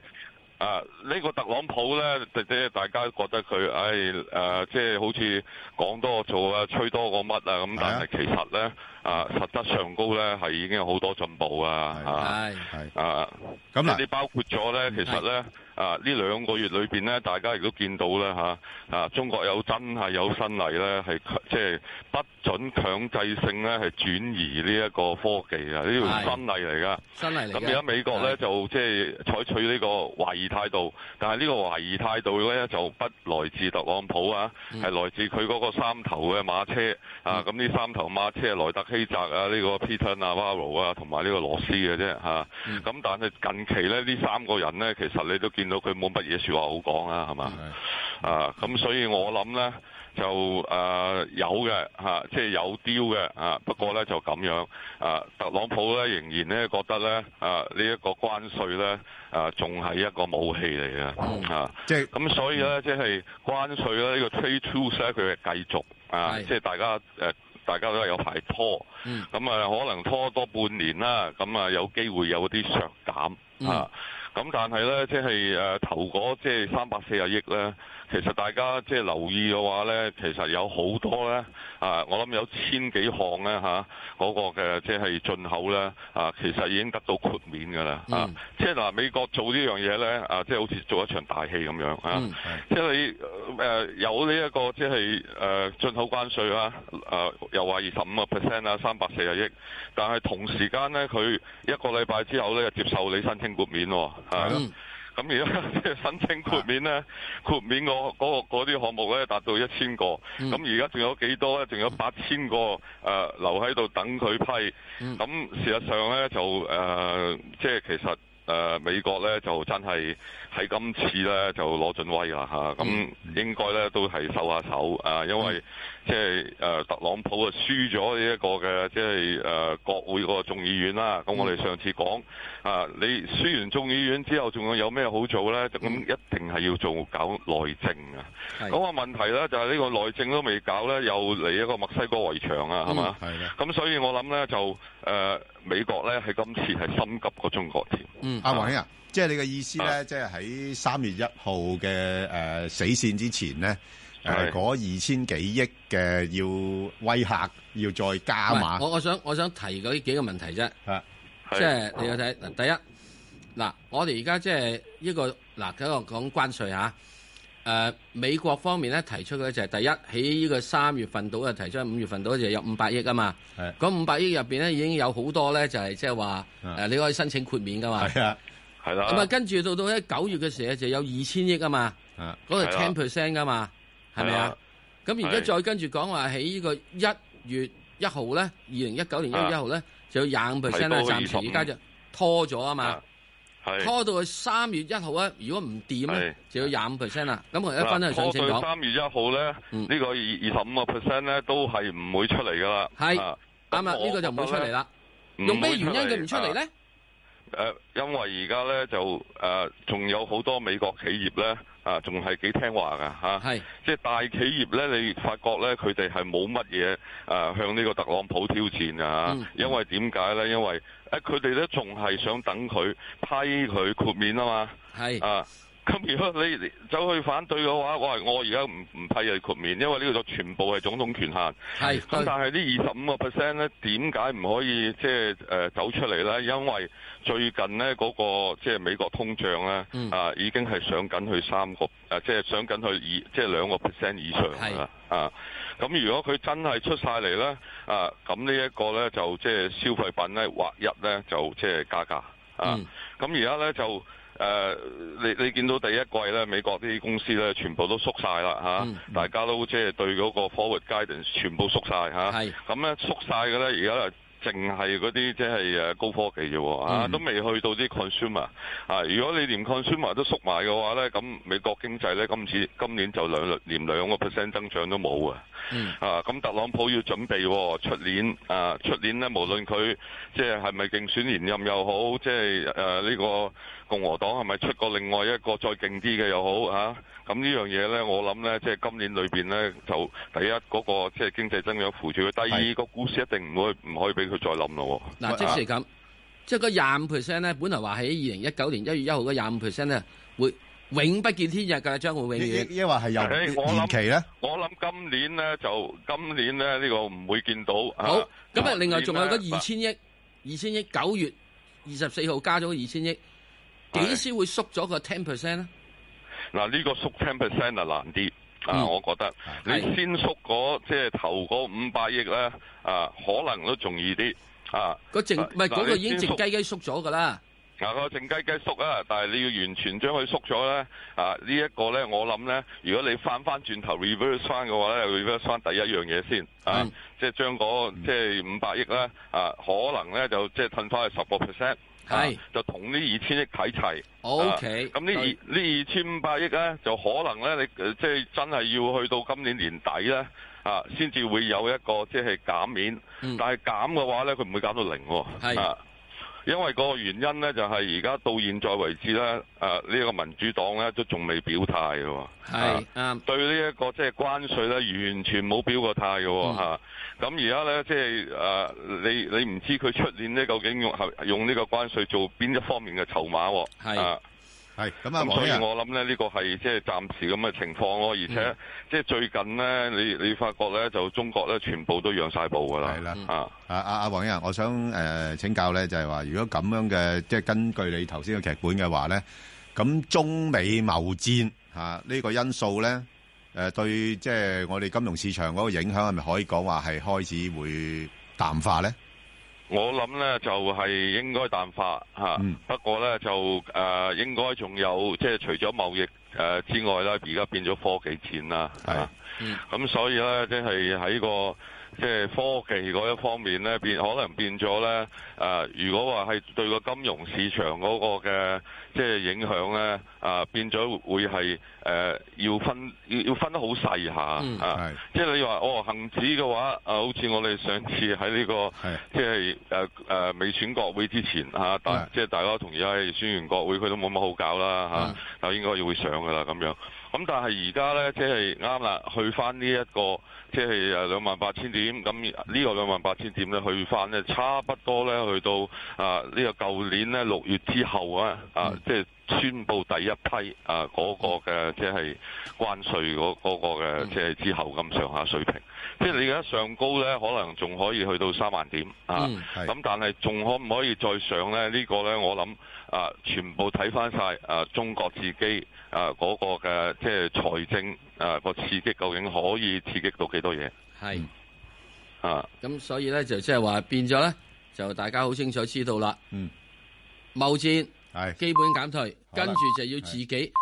啊！呢、這個特朗普咧，即係大家覺得佢，唉、哎，即、呃、係、就是、好似講多做啊，吹多過乜啊咁，但係其實咧。啊，實質上高咧係已經有好多進步啊！係係啊，咁你是包括咗咧，是其實咧啊呢兩個月裏邊咧，大家亦都見到咧嚇啊，啊，中國有真係有新例咧，係即係不准強制性咧係轉移呢一個科技啊，呢條新例嚟㗎。新例嚟。咁而家美國咧是就即係採取呢個懷疑態度，但係呢個懷疑態度咧就不來自特朗普啊，係來自佢嗰個三頭嘅馬車是啊！咁呢三頭馬車係萊特希澤啊，呢、這個 Peter 啊、Navarro 啊，同埋呢個羅斯嘅啫吓，咁、啊 mm. 但係近期咧，呢三個人咧，其實你都見到佢冇乜嘢説話好講、mm. 啊，係嘛？啊，咁所以我諗咧就誒、是、有嘅嚇，即係有 deal 嘅啊。不過咧就咁樣啊，特朗普咧仍然咧覺得咧啊呢一、這個關稅咧啊仲係一個武器嚟嘅 Wow. 啊，即係是咁、啊、所以咧即係關稅咧呢、這個 Trade War 咧佢係繼續啊，即係、mm. 大家誒。啊。大家都係有排拖，咁啊、嗯、可能拖多半年啦，咁啊有機會有啲削減嚇，咁、嗯啊、但係咧即係誒頭嗰即係三百四十億咧。就是其實大家即係留意嘅話咧，其實有好多咧啊！我諗有千幾項咧嚇，嗰、啊那個嘅即係進口咧啊，其實已經得到豁免㗎啦、mm. 啊！即係嗱，美國做這呢樣嘢咧啊，即、就、係、是、好似做一場大戲咁樣、mm. 啊！即、就、係、是、你誒有呢一個即係誒進口關稅啦啊，啊，又話二十五個 percent 啊，三百四十億，但係同時間咧佢一個禮拜之後咧接受你申請豁免喎、哦。咁而家即係申請豁免咧，豁免嗰啲、那個、項目咧達到一千個，咁而家仲有幾多咧？仲有八千個，誒、呃、留喺度等佢批。咁、嗯、事實上咧，就誒、呃、即係其實誒、呃、美國咧就真係喺今次咧就攞盡威啦嚇，咁、啊、應該咧都係收下手，呃、因為。嗯即係誒、呃、特朗普啊，輸咗呢一個嘅即係誒、呃、國會個眾議院啦。咁我哋上次講、嗯、啊，你輸完眾議院之後，仲有咩好做咧？咁、嗯、一定係要做搞內政啊。咁個的問題咧，就係、是、呢個內政都未搞咧，又嚟一個墨西哥圍牆啊，係嘛、嗯？咁所以我諗咧就誒、呃、美國咧喺今次係心急過中國添。嗯，阿鄺兄啊，即係你嘅意思咧，啊、即係喺三月一號嘅誒、呃、死線之前咧。誒，嗰二千幾億嘅要威吓，要再加碼。我我想我想提嗰幾個問題啫。即係的、就是、你睇嗱，啊、第一嗱，我哋而家即係呢個嗱，個講關稅吓。誒、啊，美國方面咧提出嘅就係第一喺呢個三月份度啊，提出五月份度就有五百億啊嘛。嗰五百億入邊咧已經有好多咧就係即係話誒，的你可以申請豁免噶嘛。係啊，係啦。咁啊，跟住到到咧九月嘅時候就有二千億啊嘛。嗰係 ten percent 噶嘛。係咪啊？咁而家再跟住講話喺呢個一月一號咧，二零一九年一月一號咧，就有廿五 percent 咧暫時，而家就拖咗啊嘛，係拖到去三月一號咧，如果唔掂咧，就有廿五 percent 啦。咁我一分咧就上清楚。三月一號咧，呢個二二十五個 percent 咧都係唔會出嚟噶啦，係啱啦，呢那我、啊呢個就唔會出嚟啦。用咩原因佢唔出嚟咧？誒、啊，因為而家咧就誒，仲、呃、有好多美國企業咧。啊，仲係幾聽話㗎吓，啊、是即係大企業咧，你發覺咧佢哋係冇乜嘢啊向呢個特朗普挑戰啊、嗯，因為點解咧？因為誒佢哋咧仲係想等佢批佢豁免啊嘛，係是啊。咁如果你走去反對嘅話，哇！我而家唔唔批你豁免，因為呢個就全部係總統權限。係但係呢二十五個 percent 咧，點解唔可以即係誒走出嚟咧？因為最近咧、那、嗰個即係、就是、美國通脹咧，嗯、啊已經係上緊去三個，誒即係上緊去二即係兩個 percent 以上啦。啊，咁如果佢真係出晒嚟咧，啊咁呢一個咧就即係消費品咧劃一咧就即係加價。啊，咁而家咧就。誒、呃，你你見到第一季咧，美國啲公司咧，全部都縮晒啦嚇，啊嗯、大家都即係、就是、對嗰個 forward guidance 全部縮晒。嚇、啊。咁咧是縮晒嘅咧，而家淨係嗰啲即係高科技嘅、喔、喎，啊嗯、都未去到啲 consumer。啊，如果你連 consumer 都縮埋嘅話咧，咁美國經濟咧今次今年就兩連兩個 percent 增長都冇、嗯、啊。啊，咁特朗普要準備出、喔、年啊，出年咧無論佢即係係咪競選連任又好，即係誒呢個。共和黨係咪出過另外一個再勁啲嘅又好啊？咁呢樣嘢咧，我諗咧，即係今年裏邊咧，就第一嗰個即係經濟增長扶住佢，第二個股市一定唔可以唔可以俾佢再冧咯。嗱，即使咁，即係個廿五 percent 咧，本來話喺二零一九年一月一號嘅廿五 percent 咧，會永不見天日嘅，將會永遠。亦亦話係有延期咧？我諗今年咧就今年咧呢個唔會見到。好，咁啊，另外仲有嗰二千億，二千億九月二十四號加咗二千億。時縮了嗯、縮點先會縮咗個 ten percent 咧？嗱，呢個縮 ten percent 啊難啲啊，我覺得你先縮嗰即係頭嗰五百億咧啊，可能都仲易啲啊。個淨唔係嗰個已經淨雞雞縮咗噶啦。嗱，個淨雞雞縮啊，但係你要完全將佢縮咗咧啊、這個、呢一個咧我諗咧，如果你翻翻轉頭 reverse 翻嘅話咧，又要翻第一樣嘢先、嗯、啊，即係將嗰即係五百億咧啊，可能咧就即係褪翻去十個 percent。就是係是就同呢二千億睇齊，OK。咁呢二呢二千五百億咧，就可能咧，你即係真係要去到今年年底咧，啊，先至會有一個即係減免。嗯、但係減嘅話咧，佢唔會減到零、啊，係是。啊因為嗰個原因咧，就係而家到現在為止咧，誒、呃、呢、這個民主黨咧都仲未表態嘅，係、um, 啊、對、這個就是、關呢一個即係關稅咧，完全冇表過態嘅吓。咁而家咧即係誒，你你唔知佢出現呢，究竟用用呢個關稅做邊一方面嘅籌碼，係是。啊係咁啊！所以我諗咧，呢個係即係暫時咁嘅情況咯。而且、嗯、即係最近咧，你你發覺咧，就中國咧，全部都讓晒步噶啦。係啦，啊啊黃我想誒、呃、請教咧，就係、是、話，如果咁樣嘅，即、就、係、是、根據你頭先嘅劇本嘅話咧，咁中美貿戰吓呢、啊這個因素咧，誒、呃、對，即、就、係、是、我哋金融市場嗰個影響係咪可以講話係開始會淡化咧？我諗呢就係、是、應該淡化吓，不過呢就誒、呃、應該仲有即係、就是、除咗貿易誒、呃、之外啦，而家變咗科技戰啦，係的，咁、啊、所以呢，即係喺個即係、就是、科技嗰一方面呢，變可能變咗呢。啊！如果話係對個金融市場嗰個嘅即、就是、影響咧，啊變咗會係誒、啊、要分要要分得好細下啊！即係你話哦，恒指嘅話，啊好似我哋上次喺呢、這個即係誒誒未選國會之前嚇，即、啊、係是大家同意係選完國會佢都冇乜好搞啦嚇，啊、是就應該要會上噶啦咁樣。咁但係而家咧即係啱啦，去翻呢一個即係誒兩萬八千點，咁呢個兩萬八千點咧去翻咧，差不多咧。去到啊呢個舊年咧六月之後啊啊即係宣布第一批啊嗰個嘅即係關稅嗰嗰個嘅即係之後咁上下水平，即係你而家上高咧，可能仲可以去到三萬點啊，咁，嗯，但係仲可唔可以再上咧？呢個咧我諗啊，全部睇翻晒啊，中國自己啊嗰個嘅即係財政啊個刺激，究竟可以刺激到幾多嘢？係啊，咁所以咧就即係話變咗咧。就大家好清楚知道啦，嗯，貿戰係的基本減退，的跟住就要自己。